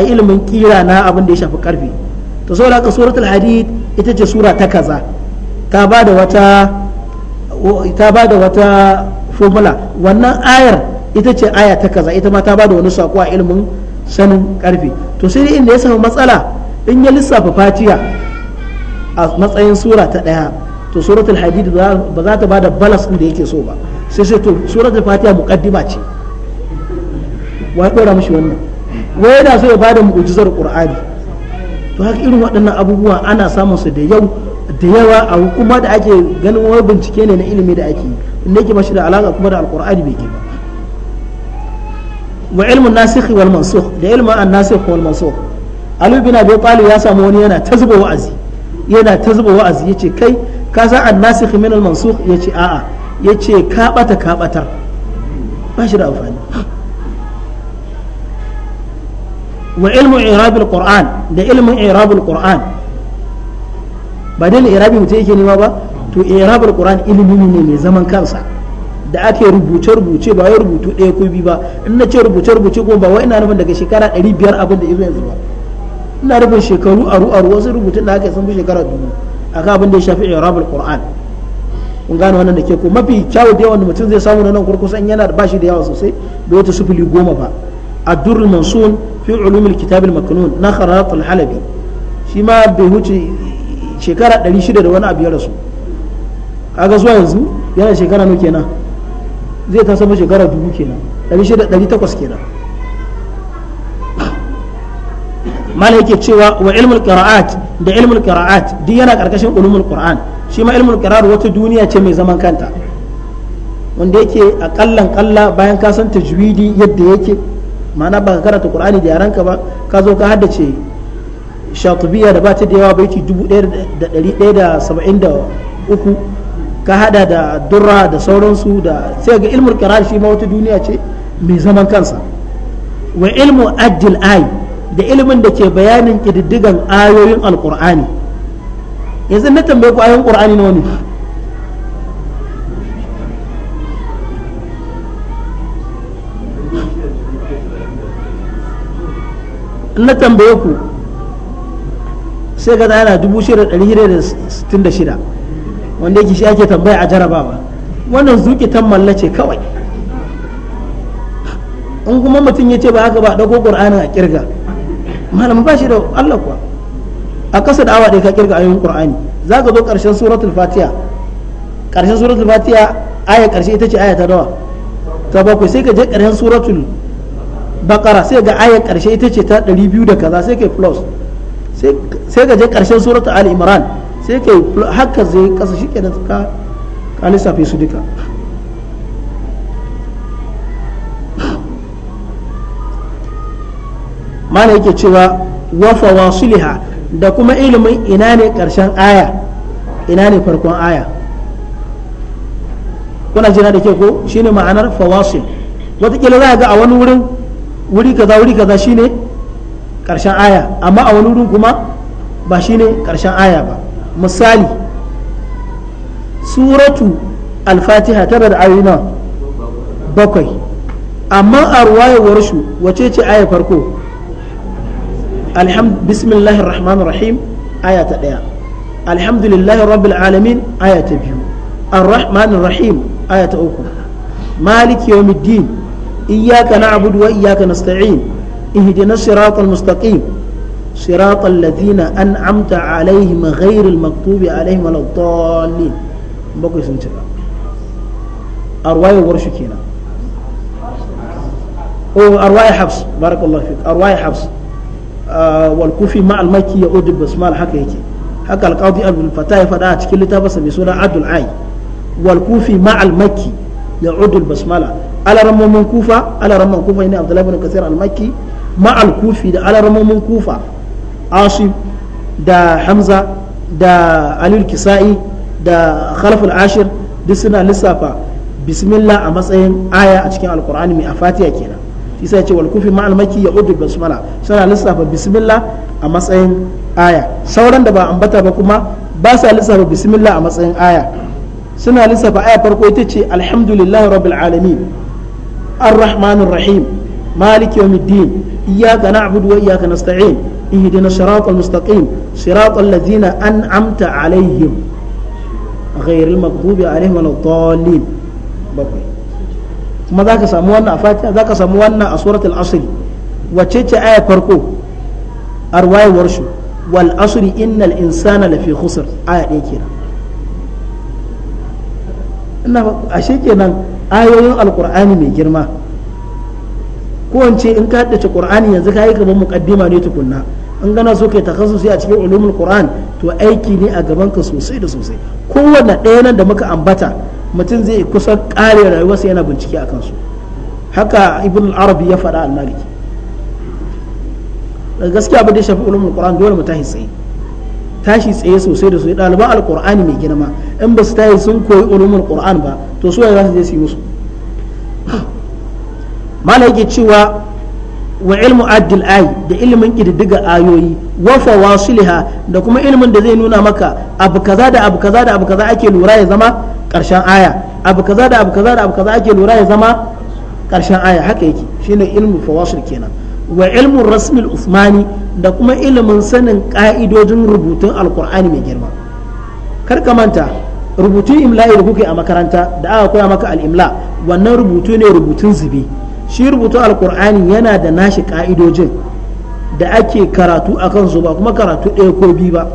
[SPEAKER 1] ilimin a kira na abin da ya shafi karfi to saboda haka suratul hadid ita ce sura ta kaza ta bada wata ta bada wata formula wannan ayar ita ce aya ta kaza ita ma ta bada wani sako a ilimin sanin karfe to sai dai inda ya samu matsala in ya lissafa fatiya a matsayin sura ta ɗaya to suratul hadid ba za ta bada balas inda yake so ba sai sai to suratul fatiha muqaddima ce wa ya dora mashi wannan wai yana so ya bada da mu'ujizar qur'ani to haka irin waɗannan abubuwa ana samun su da yau da yawa a kuma da ake ganin wani bincike ne na ilimi da ake yi in inda yake mashi da alaƙa kuma da alƙur'ani bai ke ba wa ilmun nasikh wal mansukh da ilmun an-nasikh wal mansukh Ali bin Abi Talib ya samu wani yana ta zuba wa'azi yana ta zuba wa'azi yace kai ka san an-nasikh min al-mansukh yace a'a yace ka bata ka batar ba shi da amfani wa ilmu i'rab al-qur'an da ilmun i'rab al-qur'an ba dai i'rabi mutum yake nema ba to i'rab al-qur'an ilimi ne mai zaman kansa da ake rubuce-rubuce ba wai rubutu ɗaya ko biyu ba in na ce rubuce-rubuce kuma ba wai ina nufin daga shekara ɗari biyar abin da izo yanzu ba ina nufin shekaru aru aru wasu rubutun da aka sun fi shekara dubu akan abin da ya shafi irabul qur'an kun gane wannan da ke ko mafi kyawu da yawan mutum zai samu nan kurkusan yana da bashi da yawa sosai da wata sufuli goma ba kitabil المنصون na علوم الكتاب المكنون نخرات bai huce بهوتي شكرا shida da wani abu ya rasu kaga zuwa yanzu yana shekara nawa kenan zai ta samu shekara dubu kenan ɗari shida ɗari takwas kenan mala yake cewa wa ilmul qira'at da ilmul qira'at duk yana karkashin ulumul qur'an shi ma ilmul qira'at wata duniya ce mai zaman kanta wanda yake a kallan kalla bayan ka san tajwidi yadda yake ma'ana ba ka karanta qur'ani da yaranka ba ka zo ka haddace shatubiya da ba ta da yawa baiti uku. ka hada da durra da sauransu da sai ga ilmul qira'a shi ma wata duniya ce mai zaman kansa wa ilmu ajil ay da ilmin da ke bayanin kididdigan ayoyin alqur'ani yanzu na tambaye ku ayoyin qur'ani nawa ne na tambaye ku sai ga ana 1666 wanda yake shi ake tambaya a jarabawa wannan zuki tammala ce kawai in kuma mutum ya ce ba haka ba dago qur'anin a kirga malam ba shi da Allah kuwa a kasa da awa ɗaya ka kirga ayoyin qur'ani za ka zo ƙarshen suratul fatiha ƙarshen suratul fatiha aya ƙarshe ita ce aya ta dawa ta bakwai sai ka je ƙarshen suratul bakara sai ga aya ƙarshe ita ce ta ɗari biyu da kaza sai ka plus sai ka je ƙarshen suratul ali imran sai ka haka zai kasa shi kenan ka ka lissafe su duka mana yake cewa wa fawasiliha da kuma ilimin ina ne karshen aya ina ne farkon aya kuna jina da ke ko shine ma'anar fawasil watakila za a ga a wani wurin wuri kaza wuri kaza shine karshen aya amma a wani wurin kuma ba shine karshen aya ba misali suratu alfatiha fatiha tana da ayoyi bakwai amma a ruwayewar shi wace ce aya farko alhamdu bismillahir rahmanir rahim aya ta daya alhamdulillahi rabbil alamin aya ta biyu ar-rahmanir rahim aya ta uku مالك يوم الدين إياك نعبد وإياك نستعين اهدنا الصراط صراط الذين أنعمت عليهم غير المكتوب عليهم ولا الضالين بقي سنتبع أرواي ورشكينا أو أرواي حفص بارك الله فيك أرواي حفص آه والكوفي مع المكي يؤدب بسمال حكا يكي حكا القاضي أبو الفتاة فدا تكلي تابس بسورة عبد العاي والكوفي مع المكي يعود البسملة على رمم من كوفة على رمم كوفة هنا عبد الله بن كثير المكي مع الكوفي على رمم من كوفة asim da hamza da alil kisa'i da khalful ashir duk suna lissafa bismillah a matsayin aya a cikin alkur'ani mai a fatiha kenan isa ya ce wal kufi ma'al maki ya udu basmala suna lissafa bismillah a matsayin aya sauran da ba ambata ba kuma ba sa lissafa bismillah a matsayin aya suna lissafa aya farko ita ce alhamdulillahi rabbil alamin arrahmanir rahim malik yawmiddin iyyaka na'budu wa iyyaka nasta'in اهدنا الصراط المستقيم صراط الذين أنعمت عليهم غير المغضوب عليهم ولا الضالين بقي kuma za ka samu wannan a fatiha za ka samu wannan a suratul asri wacce ce aya farko a ruwayewar shi wal asri innal insana lafi aya ɗaya kenan ina ashe kenan ayoyin alƙur'ani mai girma ko in ka haddace qur'ani yanzu kai mu muqaddima ne tukunna in gana so kai takhasusi a cikin ulumul qur'an to aiki ne a gaban ka sosai da sosai kowanne ɗaya nan da muka ambata mutum zai kusa ƙare rayuwarsa yana bincike a kansu haka ibn arabi ya faɗa al maliki gaskiya ba da shafi ulumul qur'an dole mu tashi tsaye tashi tsaye sosai da sosai ɗaliban alqur'ani mai girma in ba su tashi sun koyi ulumul qur'an ba to su za su je su yi musu malaki cewa wa ilmu addil ayi da ilimin ƙididdiga ayoyi wa fawasilha da kuma ilimin da zai nuna maka abu kaza da abu kaza da abu kaza ake lura ya zama karshen aya abu kaza da abu kaza da abu kaza ake lura ya zama karshen aya haka yake shine ilmu fawasil kenan wa ilmu rasmil usmani da kuma ilimin sanin ƙa'idojin rubutun alkur'ani mai girma kar ka manta rubutun imla'i da kuke a makaranta da aka koya maka al-imla wannan rubutu ne rubutun zubi shi rubutu alkur'ani yana da nashi ka'idojin da ake karatu a kansu ba kuma karatu ɗaya ko biyu ba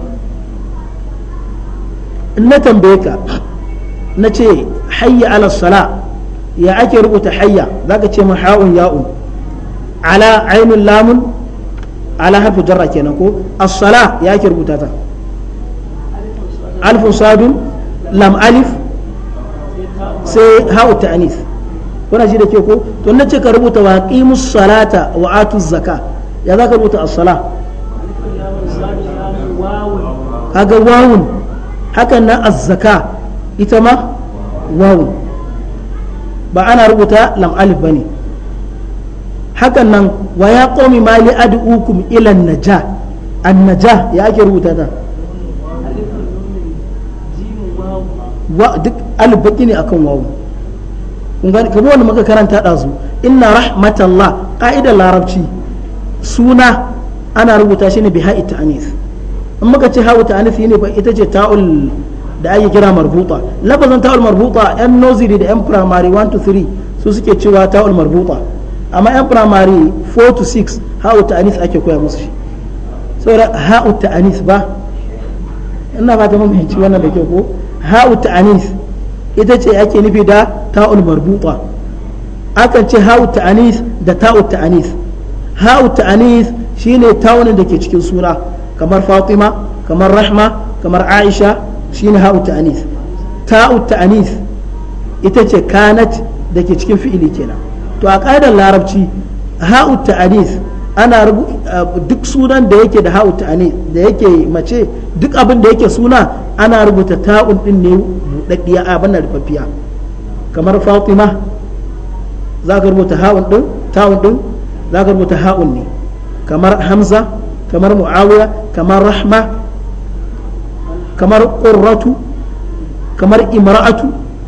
[SPEAKER 1] in na tambaye ka na ce hayya ala sala ya ake rubuta hayya za ka ce ma ha'un ya'un ala ainun lamun ala harfi jarra kenan ko as-sala ya ake rubuta ta alfun sadun lam alif sai ha'u ta'anis kuna shi da ke ko to na ce ka rubuta wa aqimus salata wa atuz zaka ya za ka rubuta as-sala kaga wawun hakan na az-zaka ita ma wawun ba ana rubuta lam alif bane hakan nan wa ya qawmi mali li ad'ukum ila an-najah an-najah ya ake rubuta ta wa duk alif baki ne akan wawun kun kamar wanda muka karanta ɗazu ina rahmatallah ƙa'idar larabci suna ana rubuta shi ne bi ha'i ta'anis in muka ce ha'u ta'anis ne ba ita ce ta'ul da ake kira marbuta lafazin ta'ul marbuta yan noziri da yan primary 1 to 3 su suke cewa ta'ul marbuta amma yan primary 4 to 6 ha'u ta'anis ake koya musu shi saboda ha'u ta'anis ba ina fata mun fahimci wannan da ke ko ha'u ta'anis ita ce ake nufi da ta'ul marbuta akan ce ha'u ta'anis da ta'u ta'anis ha'u ta'anis shine ta'un da ke cikin suna kamar Fatima kamar Rahma kamar Aisha shine ha'u ta'anis ta'u ta'anis ita ce kanat da ke cikin fi'ili kenan to a ƙa'idar larabci ha'u ta'anis ana duk sunan da yake da ha'u ta'anis da yake mace duk abin da yake suna ana rubuta ta'un din ne buɗaɗɗiya a bana rufaffiya kamar fatima za ka rubuta ha'un din ta'un din za ka rubuta ha'un ne kamar hamza kamar mu'awiya kamar rahma kamar qurratu kamar imra'atu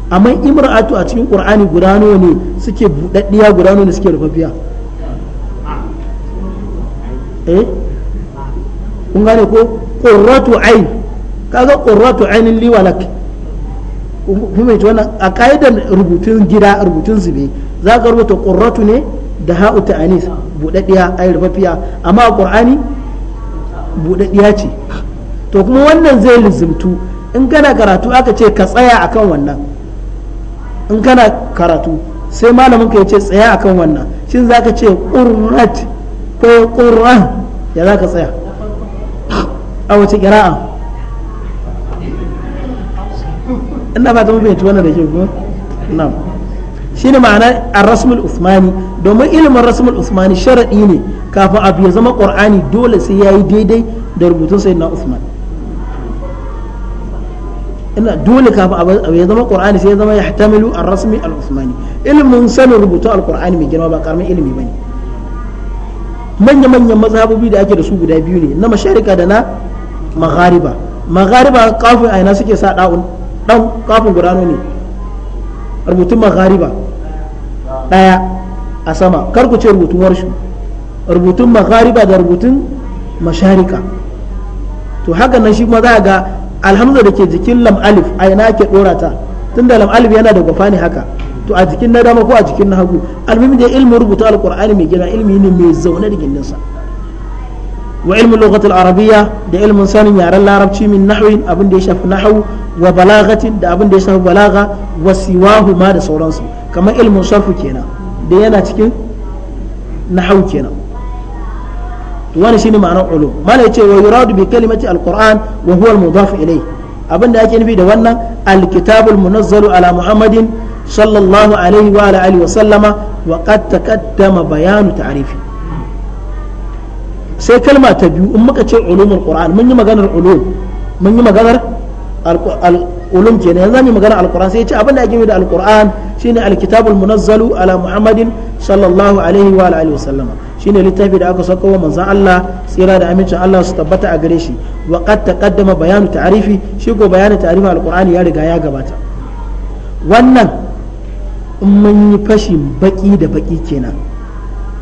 [SPEAKER 1] amma imra'atu a cikin qur'ani guda ne suke buɗaɗɗiya guda ne suke rufaffiya eh kun gane ko qurratu ain kaga qurratu ainin li walak kuma wannan a ka'idar rubutun gida rubutun zube za ka rubuta qurratu ne da ha'u ta'anis budaddiya ai rufafiya amma a qur'ani budaddiya ce to kuma wannan zai lizimtu in kana karatu aka ce ka tsaya akan wannan in kana karatu sai malamin ka ya ce tsaya akan wannan shin za ka ce qurrat ko qurra ya za ka tsaya a wace kira'a ina ba ta fahimci wannan da ke ko na'am shi ne ma'ana a rasmul usmani domin ilimin rasmul usmani sharaɗi ne kafin abu ya zama ƙur'ani dole sai ya yi daidai da rubutun na usman ina dole kafin abu ya zama ƙur'ani sai ya zama ya tamilu a rasmi al-usmani ilimin sanin rubutun al-ƙur'ani mai girma ba karamin ilimi ba ne manya-manyan mazhabobi da ake da su guda biyu ne na masharika da na maghariba maghariba kafin aina suke sa da'un ɗan kafin gudano ne rubutun maghariba ɗaya a sama kar ku ce rubutun warshu rubutun maghariba da rubutun masharika to haka nan shi kuma za ga alhamza da ke jikin lam alif a ina ake ɗora ta tunda lam alif yana da gwafa ne haka to a jikin na dama ko a jikin na hagu almimi da ilmin rubuta Alƙur'ani mai gina ilmi ne mai zaune da gindinsa wa ilmin lokacin arabiya da ilmin sanin yaren larabci min nahwin abin da ya shafi nahwu wa balagatin da abin da ya shafi balaga wa siwahu ma da sauransu kamar ilmin sarfu kenan da yana cikin nahau kenan to wani shine ma'anar ulum mana yace wa yuradu bi kalimati alquran wa huwa almudaf ilayh abin da ake nufi da wannan alkitabul munazzalu ala muhammadin sallallahu alaihi wa ala alihi wa sallama wa qad taqaddama bayanu ta'rifi sai kalma ta biyu in muka ce ulumul qur'an mun yi maganar ulum mun yi maganar ulum kenan yanzu zamu magana alquran sai ya ce abin da ake da alquran shine alkitabul munazzalu ala muhammadin sallallahu alaihi wa alihi wasallama shine littafi da aka sako wa manzon Allah tsira da amincin Allah su tabbata a gare shi wa qad taqaddama bayanu ta'rifi shi ko bayanin ta'rifi alqur'ani ya riga ya gabata wannan in mun yi fashi baki da baki kenan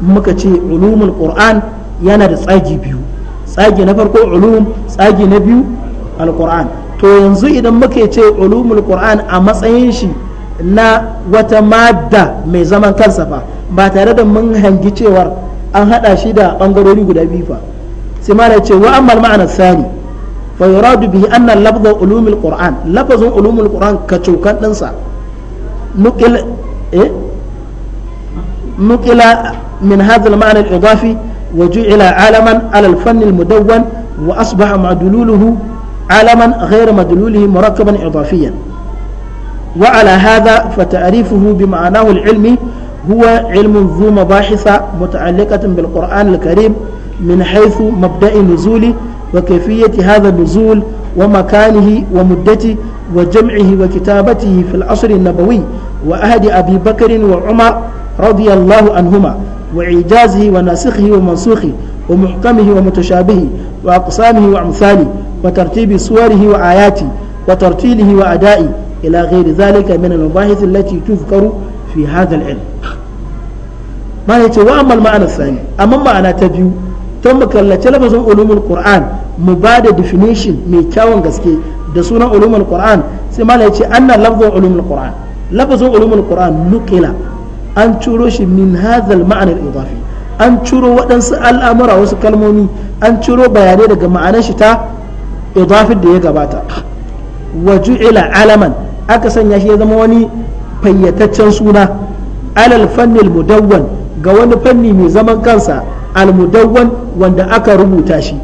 [SPEAKER 1] muka ce ulumul qur'an yana da tsagi biyu tsagi na farko ulum tsagi na biyu alqur'an to yanzu idan muke ce ulumul qur'an a matsayin shi na wata madda mai zaman kansa fa ba tare da mun hangi cewar an hada shi da bangarori guda biyu fa sai ma ce wa ammal ma'ana sani fa yuradu bihi anna lafza ulumul qur'an lafazun ulumul qur'an ka cokan dinsa nuqil eh نقل من هذا المعنى الإضافي وجعل عالما على الفن المدون وأصبح معدلوله علما غير مدلوله مركبا إضافيا وعلى هذا فتعريفه بمعناه العلمي هو علم ذو مباحث متعلقة بالقرآن الكريم من حيث مبدأ نزوله وكيفية هذا النزول ومكانه ومدته وجمعه وكتابته في العصر النبوي وأهد أبي بكر وعمر رضي الله عنهما وإعجازه وناسخه ومنسوخه ومحكمه ومتشابهه وأقسامه وأمثاله وترتيب صوره وآياته وترتيله وأدائه إلى غير ذلك من المباحث التي تذكر في هذا العلم ما يتي وأما المعنى الثاني أما معنى تبيو تم كلا لفظ علوم القرآن مبادئ definition مي غسكي da sunan ulumul qur'an sai mala yace anna lafzul ulumul qur'an lafzul ulumul qur'an nukila an ciro shi min hadhal an ciro waɗansu al'amura wasu kalmomi an ciro bayanai daga ma'anar shi ta idafin da ya gabata waju ju'ila alaman aka sanya shi ya zama wani fayyataccen suna alal fannil mudawwan ga wani fanni mai zaman kansa al mudawwan wanda aka rubuta shi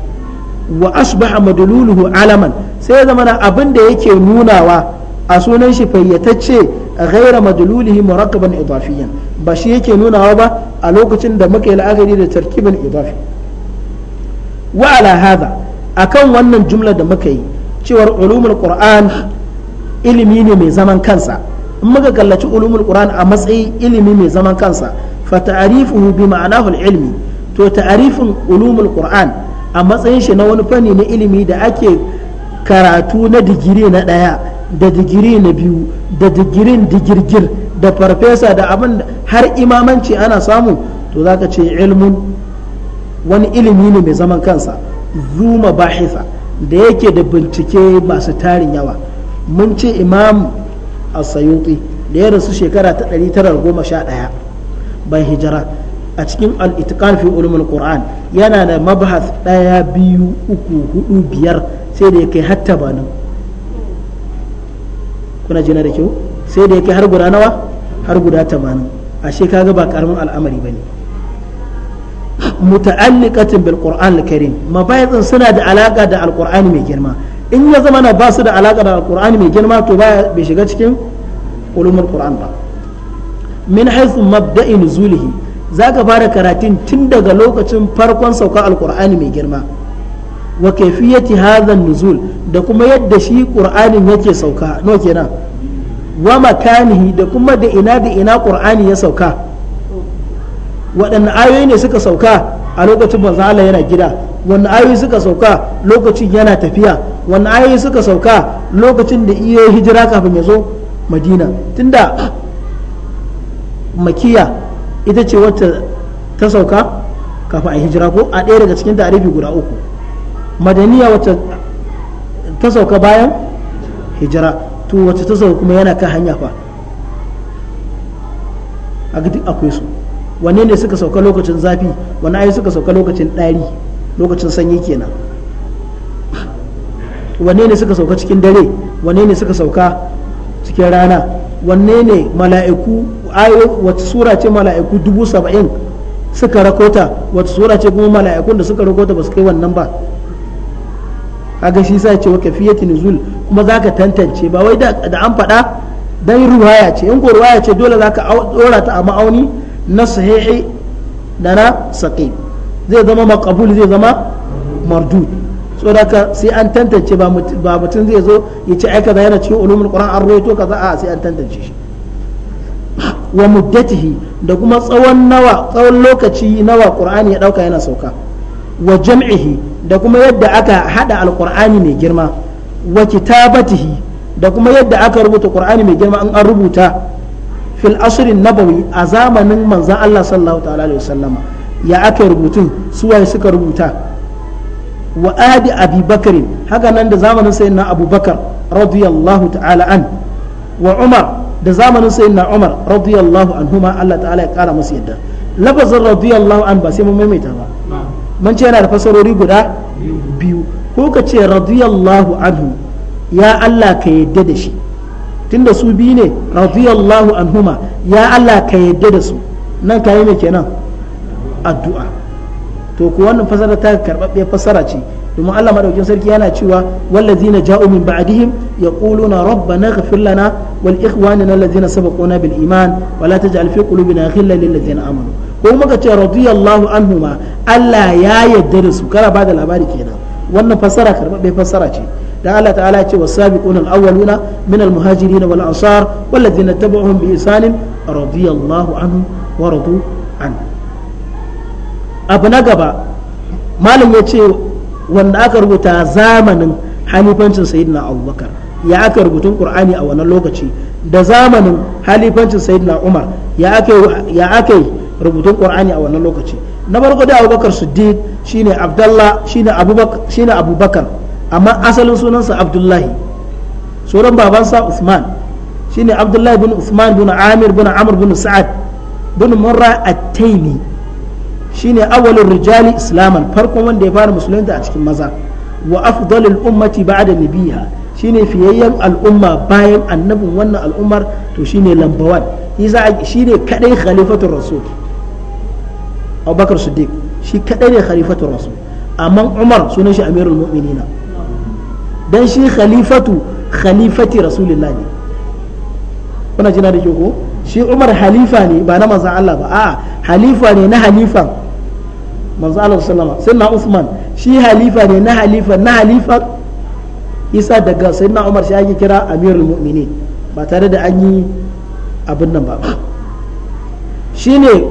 [SPEAKER 1] wa asbaha madluluhu alaman sai ya zama abin da yake nunawa a sunan shi fayyatacce ghaira madlulihi murakkaban idafiyan ba shi yake nunawa ba a lokacin da muka yi la'akari da tarkibin idafi wa ala hadha akan wannan jumla da muka yi cewar ulumul qur'an ilimi ne mai zaman kansa in muka kallaci ulumul qur'an a matsayi ilimi mai zaman kansa fa ta'rifuhu bi ma'anahu ilmi to ta'rifin ulumul qur'an a matsayin shi na wani fanni na ilimi da ake karatu na digiri na daya da digiri na biyu da digirin digirgir da farfesa da abin har imamanci ana samu to zaka ce ilmun wani ilimi ne mai zaman kansa zuma bahisa da yake da bincike masu tarin yawa mun ce imam asayuti da ya rasu shekara ta 911 bai hijira a cikin al'itikan fi ulumin qur'an yana da mabahas ɗaya biyu uku hudu biyar sai da ya kai hatta banin kuna jina da kyau sai da ya kai har guda nawa har guda tamanin ashe ga ba karamin al'amari ba ne muta'alliqatin bil qur'an al-karim mabayatsin suna da alaka da alqur'ani mai girma in ya zama na basu da alaka da alqur'ani mai girma to baya bai shiga cikin ulumul qur'an ba min haythu mabda'i nuzulihi zaka bada karatun tun daga lokacin farkon sauka alqur'ani mai girma wa kayfiyati hadha nuzul da kuma yadda shi qur'anin yake sauka no kenan wa makanihi da kuma da ina da ina ƙur'ani ya sauka waɗanne ayoyi ne suka sauka a lokacin manzo Allah yana gida wanne ayoyi suka sauka lokacin yana tafiya wanne ayoyi suka sauka lokacin da iya hijira kafin ya zo madina tunda makiya ita ce wacce ta sauka kafin a hijira ko a ɗaya daga cikin tarihi guda uku madaniya wacce ta sauka bayan hijira to wacce ta sauka kuma yana kan hanya fa a akwai su wanne ne suka sauka lokacin zafi wanne ayi suka sauka lokacin ɗari lokacin sanyi kenan wanne ne suka sauka cikin dare wanne ne suka sauka cikin rana wanne ne mala'iku wata sura ce mala'iku dubu saba'in suka rakota wata sura ce kuma mala'ikun da suka rakota ba su kai wannan ba kaga shi sa ce wa kafiyati nuzul kuma zaka tantance ba wai da an faɗa dan ruwaya ce in ko ruwaya ce dole zaka dora ta a ma'auni na sahihi da na zai zama maqbul zai zama mardud saboda sai an tantance ba mutum zai zo ya ci aika kaza yana cikin ulumul qur'an an rawaito kaza a sai an tantance shi wa muddatihi da kuma tsawon nawa tsawon lokaci nawa qur'ani ya dauka yana sauka wa jam'ihi da kuma yadda aka hada alqur'ani mai girma wa kitabatihi da kuma yadda aka rubuta qur'ani mai girma an rubuta fil asrin nabawi a zamanin manzan Allah sallallahu ta'ala alaihi wasallama ya aka rubutun suwaye suka rubuta wa adi abi bakarin nan da zamanin sayyidina abubakar radiyallahu ta'ala an wa umar da zamanin sayyidina umar radiyallahu anhuma Allah ta'ala ya kara masu yadda lafazin radiyallahu an ba sai mun maimaita ba mun ce yana da fasarori guda biyu ko ka ce radiyallahu anhu ya Allah ka yadda da shi tunda su biyu ne radiyallahu anhuma ya Allah ka yadda da su nan ka yi mai kenan addu'a to ku wannan fasara ta karɓaɓɓiyar fasara ce domin Allah maɗaukin sarki yana cewa wallazina ja'u min ba'dihim yaquluna rabbana ighfir lana wal ikhwanina allazina sabaquna bil iman wa la taj'al fi qulubina ghillan lil ladzina amanu ko muka ce radiyallahu anhuma Allah ya yarda da su kana ba da labari kenan wannan fasara karɓaɓɓiyar fasara ce da Allah ta'ala ya ce wasabiquna al-awwaluna min al-muhajirin wal ansar walladhina tabi'uhum bi ihsan radiyallahu anhum wa radu an abu na gaba malam ya ce wanda aka rubuta zamanin halifancin sayyidina abubakar ya aka rubutun qur'ani a wannan lokaci da zamanin halifancin sayyidina umar ya aka ya rubutun qur'ani a wannan lokaci na farko da abubakar siddiq shine abdullah shine abubakar shine abubakar amma asalin sunansa abdullahi sunan babansa usman shine abdullahi bin usman bin amir bin amr bin sa'ad bin murra at-taimi shine awwalur rijali islaman farkon wanda ya fara musulunta a cikin maza wa afdalul ummati ba'da nabiha shine fiyayyen al'umma bayan annabin wannan al'ummar to shine lambawan isa shine kadai khalifatul rasul abubakar siddiq shi kadai ne khalifatul rasul amma umar sunan shi amirul mu'minina dan shi khalifatu khalifati rasulullah ne kuna jina da ke ko shi umar halifa ne ba na manzan Allah ba a'a halifa ne na halifan manzan Allah sallama sayyidina Usman shi halifa ne na halifa na halifa isa daga sayyidina Umar shi ake kira amirul mu'minin ba tare da an yi abin nan ba shi ne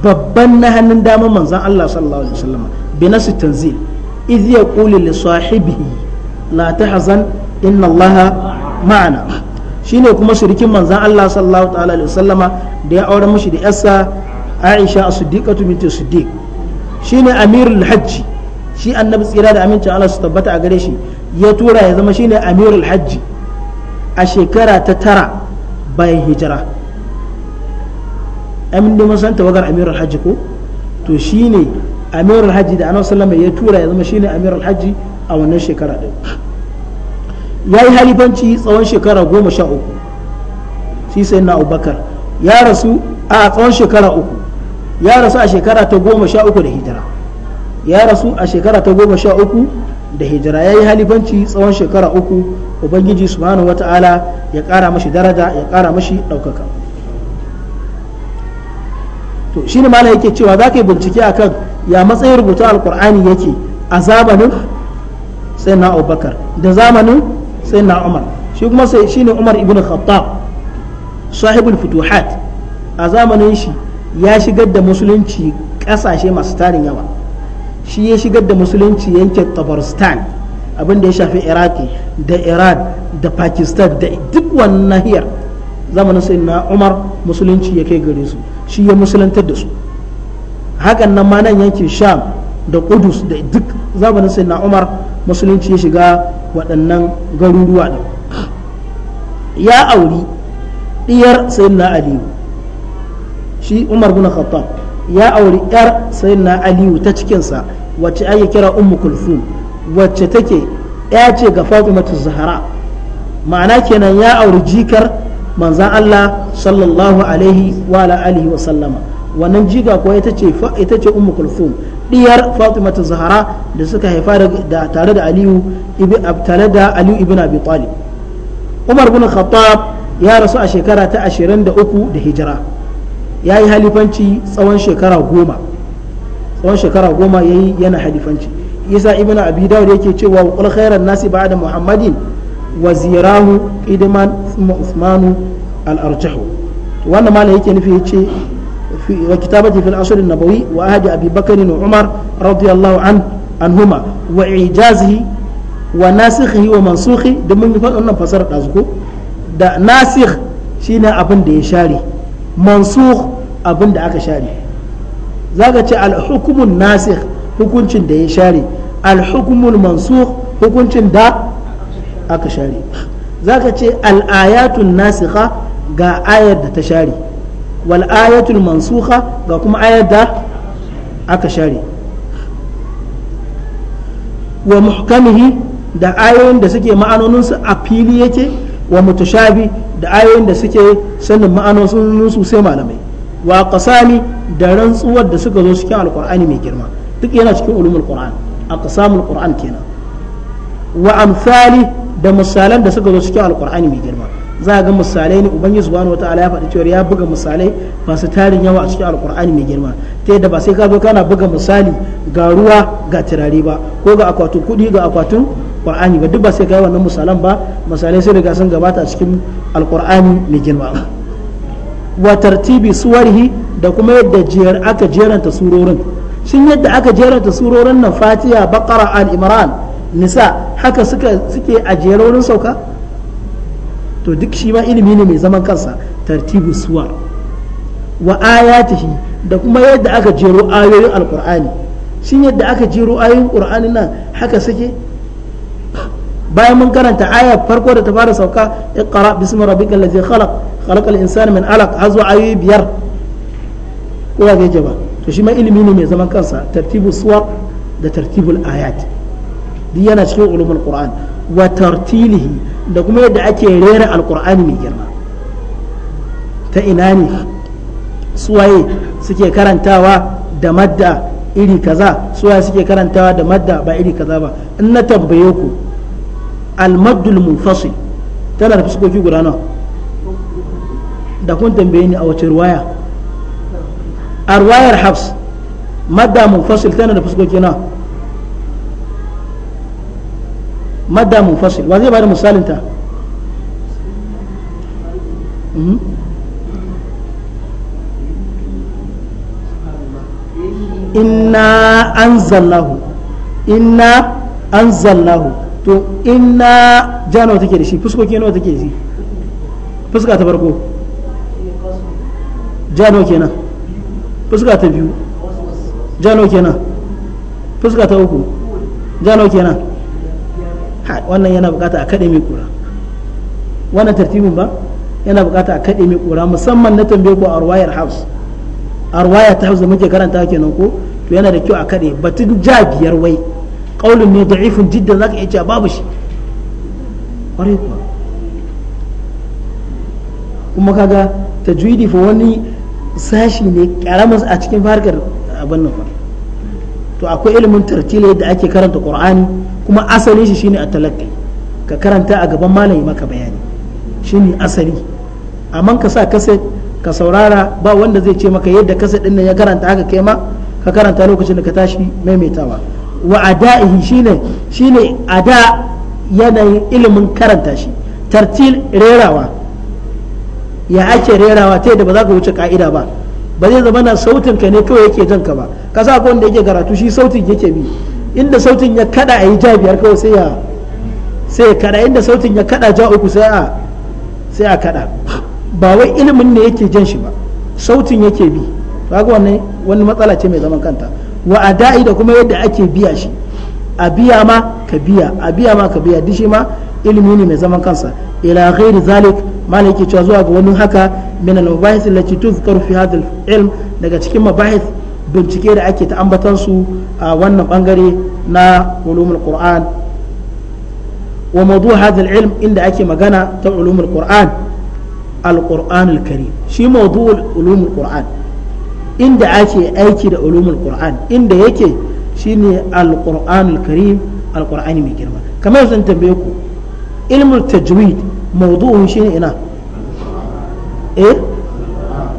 [SPEAKER 1] babban na hannun damar manzan Allah sallallahu alaihi wasallam bi nasu tanzil idh yaqulu li sahibihi la tahzan inna Allah ma'ana shine kuma shirikin manzan Allah sallallahu ta'ala alaihi wasallama da ya aure mashi da yarsa Aisha as-Siddiqatu bint Siddiq shine amirul hajji shi annabi tsira da amincin Allah su tabbata a gare shi ya tura ya zama shine amirul hajji a shekara ta tara bayan hijira amin da mun san tawagar amirul hajji ko to shine amirul hajji da annabi sallallahu alaihi wasallam ya tura ya zama shine amirul hajji a wannan shekara ɗin ya yi halibanci tsawon shekara goma sha uku shi sai na abubakar ya rasu a tsawon shekara uku ya rasu a shekara ta goma sha uku da hijira ya rasu a shekara ta goma sha uku da hijira ya yi halibanci tsawon shekara uku ubangiji subhanahu wata'ala ya ƙara mashi daraja ya kara mashi ɗaukaka to shi ne malam yake cewa za ka yi bincike akan ya matsayin rubuta alkur'ani yake a zamanin sai na abubakar da zamanin sai na umar shi kuma sai shine umar ibn khattab sahibul futuhat a zamanin shi ya shigar da musulunci kasashe masu tarin yawa shi ya shigar da musulunci yankin tabaristan abin da ya shafi iraki da iran da pakistan da duk wannan nahiyar zamanin sai na umar musulunci ya kai gare su shi ya musulantar da su hakan nan ma nan yankin sham da kudus da duk zamanin sai na umar musulunci ya shiga waɗannan garuruwa ɗin ya auri ɗiyar na aliyu shi umar bin khattab ya auri yar na aliyu ta cikinsa wacce ake kira ummu kulfu wacce take ya ce ga fatimatu zahara ma'ana kenan ya auri jikar manzan allah sallallahu alaihi wa wa sallama wannan jiga ko ita ce ita ce ummu kulthum diyar fatima ta zahara da suka haifa da tare da aliyu da aliyu ibn abi talib umar bin khattab ya rasu a shekara ta 23 da hijira ya yi halifanci tsawon shekara goma tsawon shekara goma ya yi yana halifanci isa ibn abi dawud yake cewa wa qul khairan nasi ba'da muhammadin wazirahu idman thumma usmanu al-arjahu wannan malai yake nufi yace في وكتابته في العصر النبوي وعهد أبي بكر وعمر رضي الله عنه عنهما وإعجازه وناسخه ومنسوخه دمون يفعل أنه فسر أزكو دا ناسخ شينا أبن دي شاري منسوخ أبن دا أكا شاري ذاك الحكم الناسخ حكم دي شاري الحكم المنسوخ حكم دا أكا شاري ذاك الآيات الناسخة ga ayar da ta share wal'ayatul mansuha ga kuma ayar da aka share wa muhkamihi da ayoyin da suke ma'anoninsu a fili yake wa mutashabi da ayoyin da suke sanin ma'anoninsu sai malamai wa qasami da rantsuwar da suka zo cikin mai girma duk yana cikin ulumul qur'an aqsamul qur'an kenan wa amsali da misalan da suka zo cikin mai girma za a ga misalai ne ubangiji subhanahu wataala ya faɗi cewa ya buga misalai masu tarin yawa a cikin alkur'ani mai girma ta yadda ba sai ka zo kana buga misali ga ruwa ga turare ba ko ga akwatin kuɗi ga akwatin qur'ani ba duk ba sai ka yi wannan misalan ba misalai sai riga sun gabata a cikin alkur'ani mai girma wa tartibi suwarhi da kuma yadda jiyar aka jeranta surorin shin yadda aka jeranta surorin nan fatiha baqara al imran nisa haka suka suke a jerorin sauka to duk shi ma ilimi ne mai zaman kansa tartibu suwar wa ayatihi da kuma yadda aka jero ayoyin alkur'ani shin yadda aka jero ayoyin qur'ani nan haka suke bayan mun karanta aya farko da ta fara sauka iqra bismi rabbikal ladzi khalaq khalaqal insana min alaq azwa ayoyi biyar ko ga yake to shi ma ilimi ne mai zaman kansa tartibu suwar da tartibul ayat duk yana cikin ulumul qur'an wa tartilihi da kuma yadda ake rera alkur'ani mai girma ta ina ne suwaye suke karantawa da madda iri kaza suwaye suke karantawa da madda ba iri kaza ba in na tambaye ku almaddul munfasil tana da fuskoki guda nawa da kun tambaye ni a wace ruwaya a ruwayar habs madda munfasil tana da fuskoki nawa madda munfasil wa zai bada misalin ta inna anzalnahu inna anzalnahu to inna jano ke da shi fuskoki nawa take da shi fuska ta farko jano kenan fuska ta biyu jano kenan fuska ta uku jano kenan wannan yana bukata a kaɗe mai ƙura wannan tartibin ba yana bukata a kaɗe mai ƙura musamman na tambaye ko a ruwayar haus a ruwaya ta haus da muke karanta kenan ko to yana da kyau a kaɗe batun ja biyar wai ƙaunin ne da jidda za ka iya cewa babu shi ƙwarai kuwa kuma kaga tajwidi fa wani sashi ne ƙaramin a cikin farkar abin nan to akwai ilimin tartila yadda ake karanta qur'ani kuma asali shi shine at-talaqqi ka karanta a gaban malami maka bayani shine asali amma ka sa kase ka saurara ba wanda zai ce maka yadda kase din nan ya karanta haka kai ma ka karanta lokacin da ka tashi maimaitawa wa ada'ihi shine shine ada yanayin ilimin karanta shi tartil rerawa ya ake rerawa ta yadda ba za ka wuce ka'ida ba ba zai zama na sautin ka ne kawai yake jan ka ba ka sa wanda yake karatu shi sautin yake bi inda sautin ya kada a yi ja biyar kawai sai ya sai ya kada inda sautin ya kada ja uku sai a sai a kada ba wai ilimin ne yake jan shi ba sautin yake bi kaga wannan wani matsala ce mai zaman kanta wa ada'i da kuma yadda ake biya shi a biya ma ka biya a biya ma ka biya dishi ma ilimi ne mai zaman kansa ila ghairi zalik malam yake cewa zuwa ga wani haka min al mabahis allati tuzkaru fi hadha al ilm daga cikin mabahis bincike da ake ta ambatan su a wannan bangare na al qur'an wa mawdu hadha al ilm inda ake magana ta ulumul qur'an al qur'an al karim shi mawdu ulumul qur'an inda ake aiki da al qur'an inda yake shine al qur'an al karim al qur'ani mai girma kamar zan tambaye ku ilmul tajwid موضوعه شيء ina ايه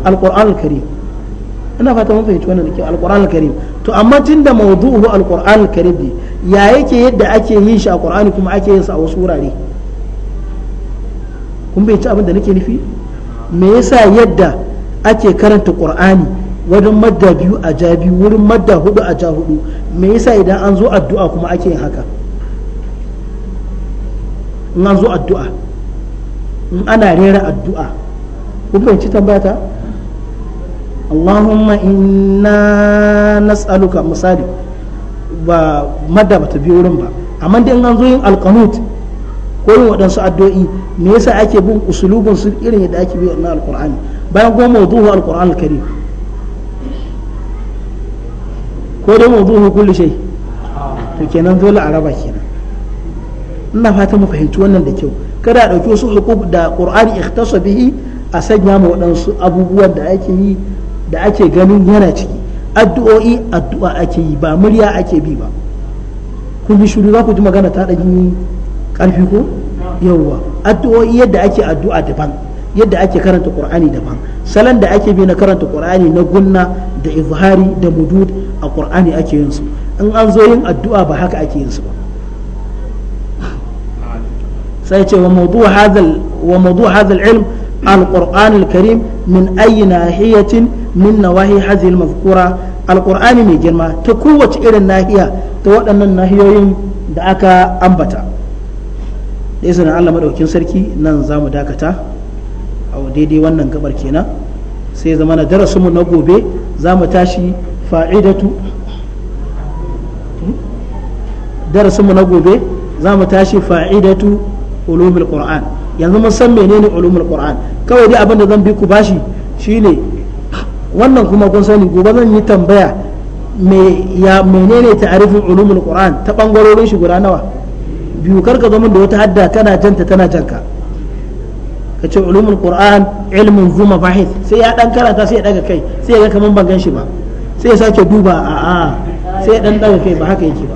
[SPEAKER 1] القران الكريم ina fata mun fahimci wannan dake alquran alkarim to amma tunda mawdu'u alquran alkarim ne ya yake yadda ake yin shi a qur'ani kuma ake yin sa a wasu wurare kun bai nake nufi me yasa yadda ake karanta qur'ani wajen madda biyu a ja biyu wurin madda hudu a ja hudu me yasa idan an zo addu'a kuma ake yin haka in an zo addu'a in ana rera addu'a kun fahimci tambata Allahumma inna nas'aluka misali ba madda bata biyo wurin ba amma dai in an zo yin alqanut ko yin waɗansu addu'o'i me yasa ake bin usulubin su irin yadda ake bi na alqur'ani bayan kuma mawdu'u alqur'an alkarim ko dai mawdu'u kulli shay to kenan dole a raba kenan ina fata mu fahimci wannan da kyau kada a ɗauki wasu hukub da qur'ani ikhtasa bihi a sanya ma waɗansu abubuwan da ake yi da ake ganin yana ciki addu'o'i addu'a ake yi ba murya ake bi ba kun yi shiru za ku ji magana ta ɗanyi ƙarfi ko yawwa addu'o'i yadda ake addu'a daban yadda ake karanta qur'ani daban salan da ake bi na karanta qur'ani na gunna da izhari da mudud a qur'ani ake yin su in an zo yin addu'a ba haka ake yin su ba sai ce wa mawdu hadha al ilm al qur'an al karim min ayi nahiyatin min mafkura al mai girma ta kowace irin iya ta waɗannan nahiyoyin da aka ambata da izinin Allah madaukin sarki nan zamu dakata a daidai wannan gabar kenan sai zama na na gobe zamu tashi fa'idatu hmm? na gobe zamu tashi fa'idatu ulumul qur'an yanzu mun san menene ulumul qur'an kawai dai abin da zan bi ku bashi shine wannan kuma kun sani gobe zan yi tambaya me ya menene ta'arifin ulumul qur'an ta bangarorin shi guda nawa biyu karka zama da wata hadda kana janta tana janka ka ce ulumul qur'an ilmin zuma bahith sai ya dan karanta sai ya daga kai sai ya ga kaman ban gan shi ba sai ya sake duba a'a sai ya dan daga kai ba haka yake ba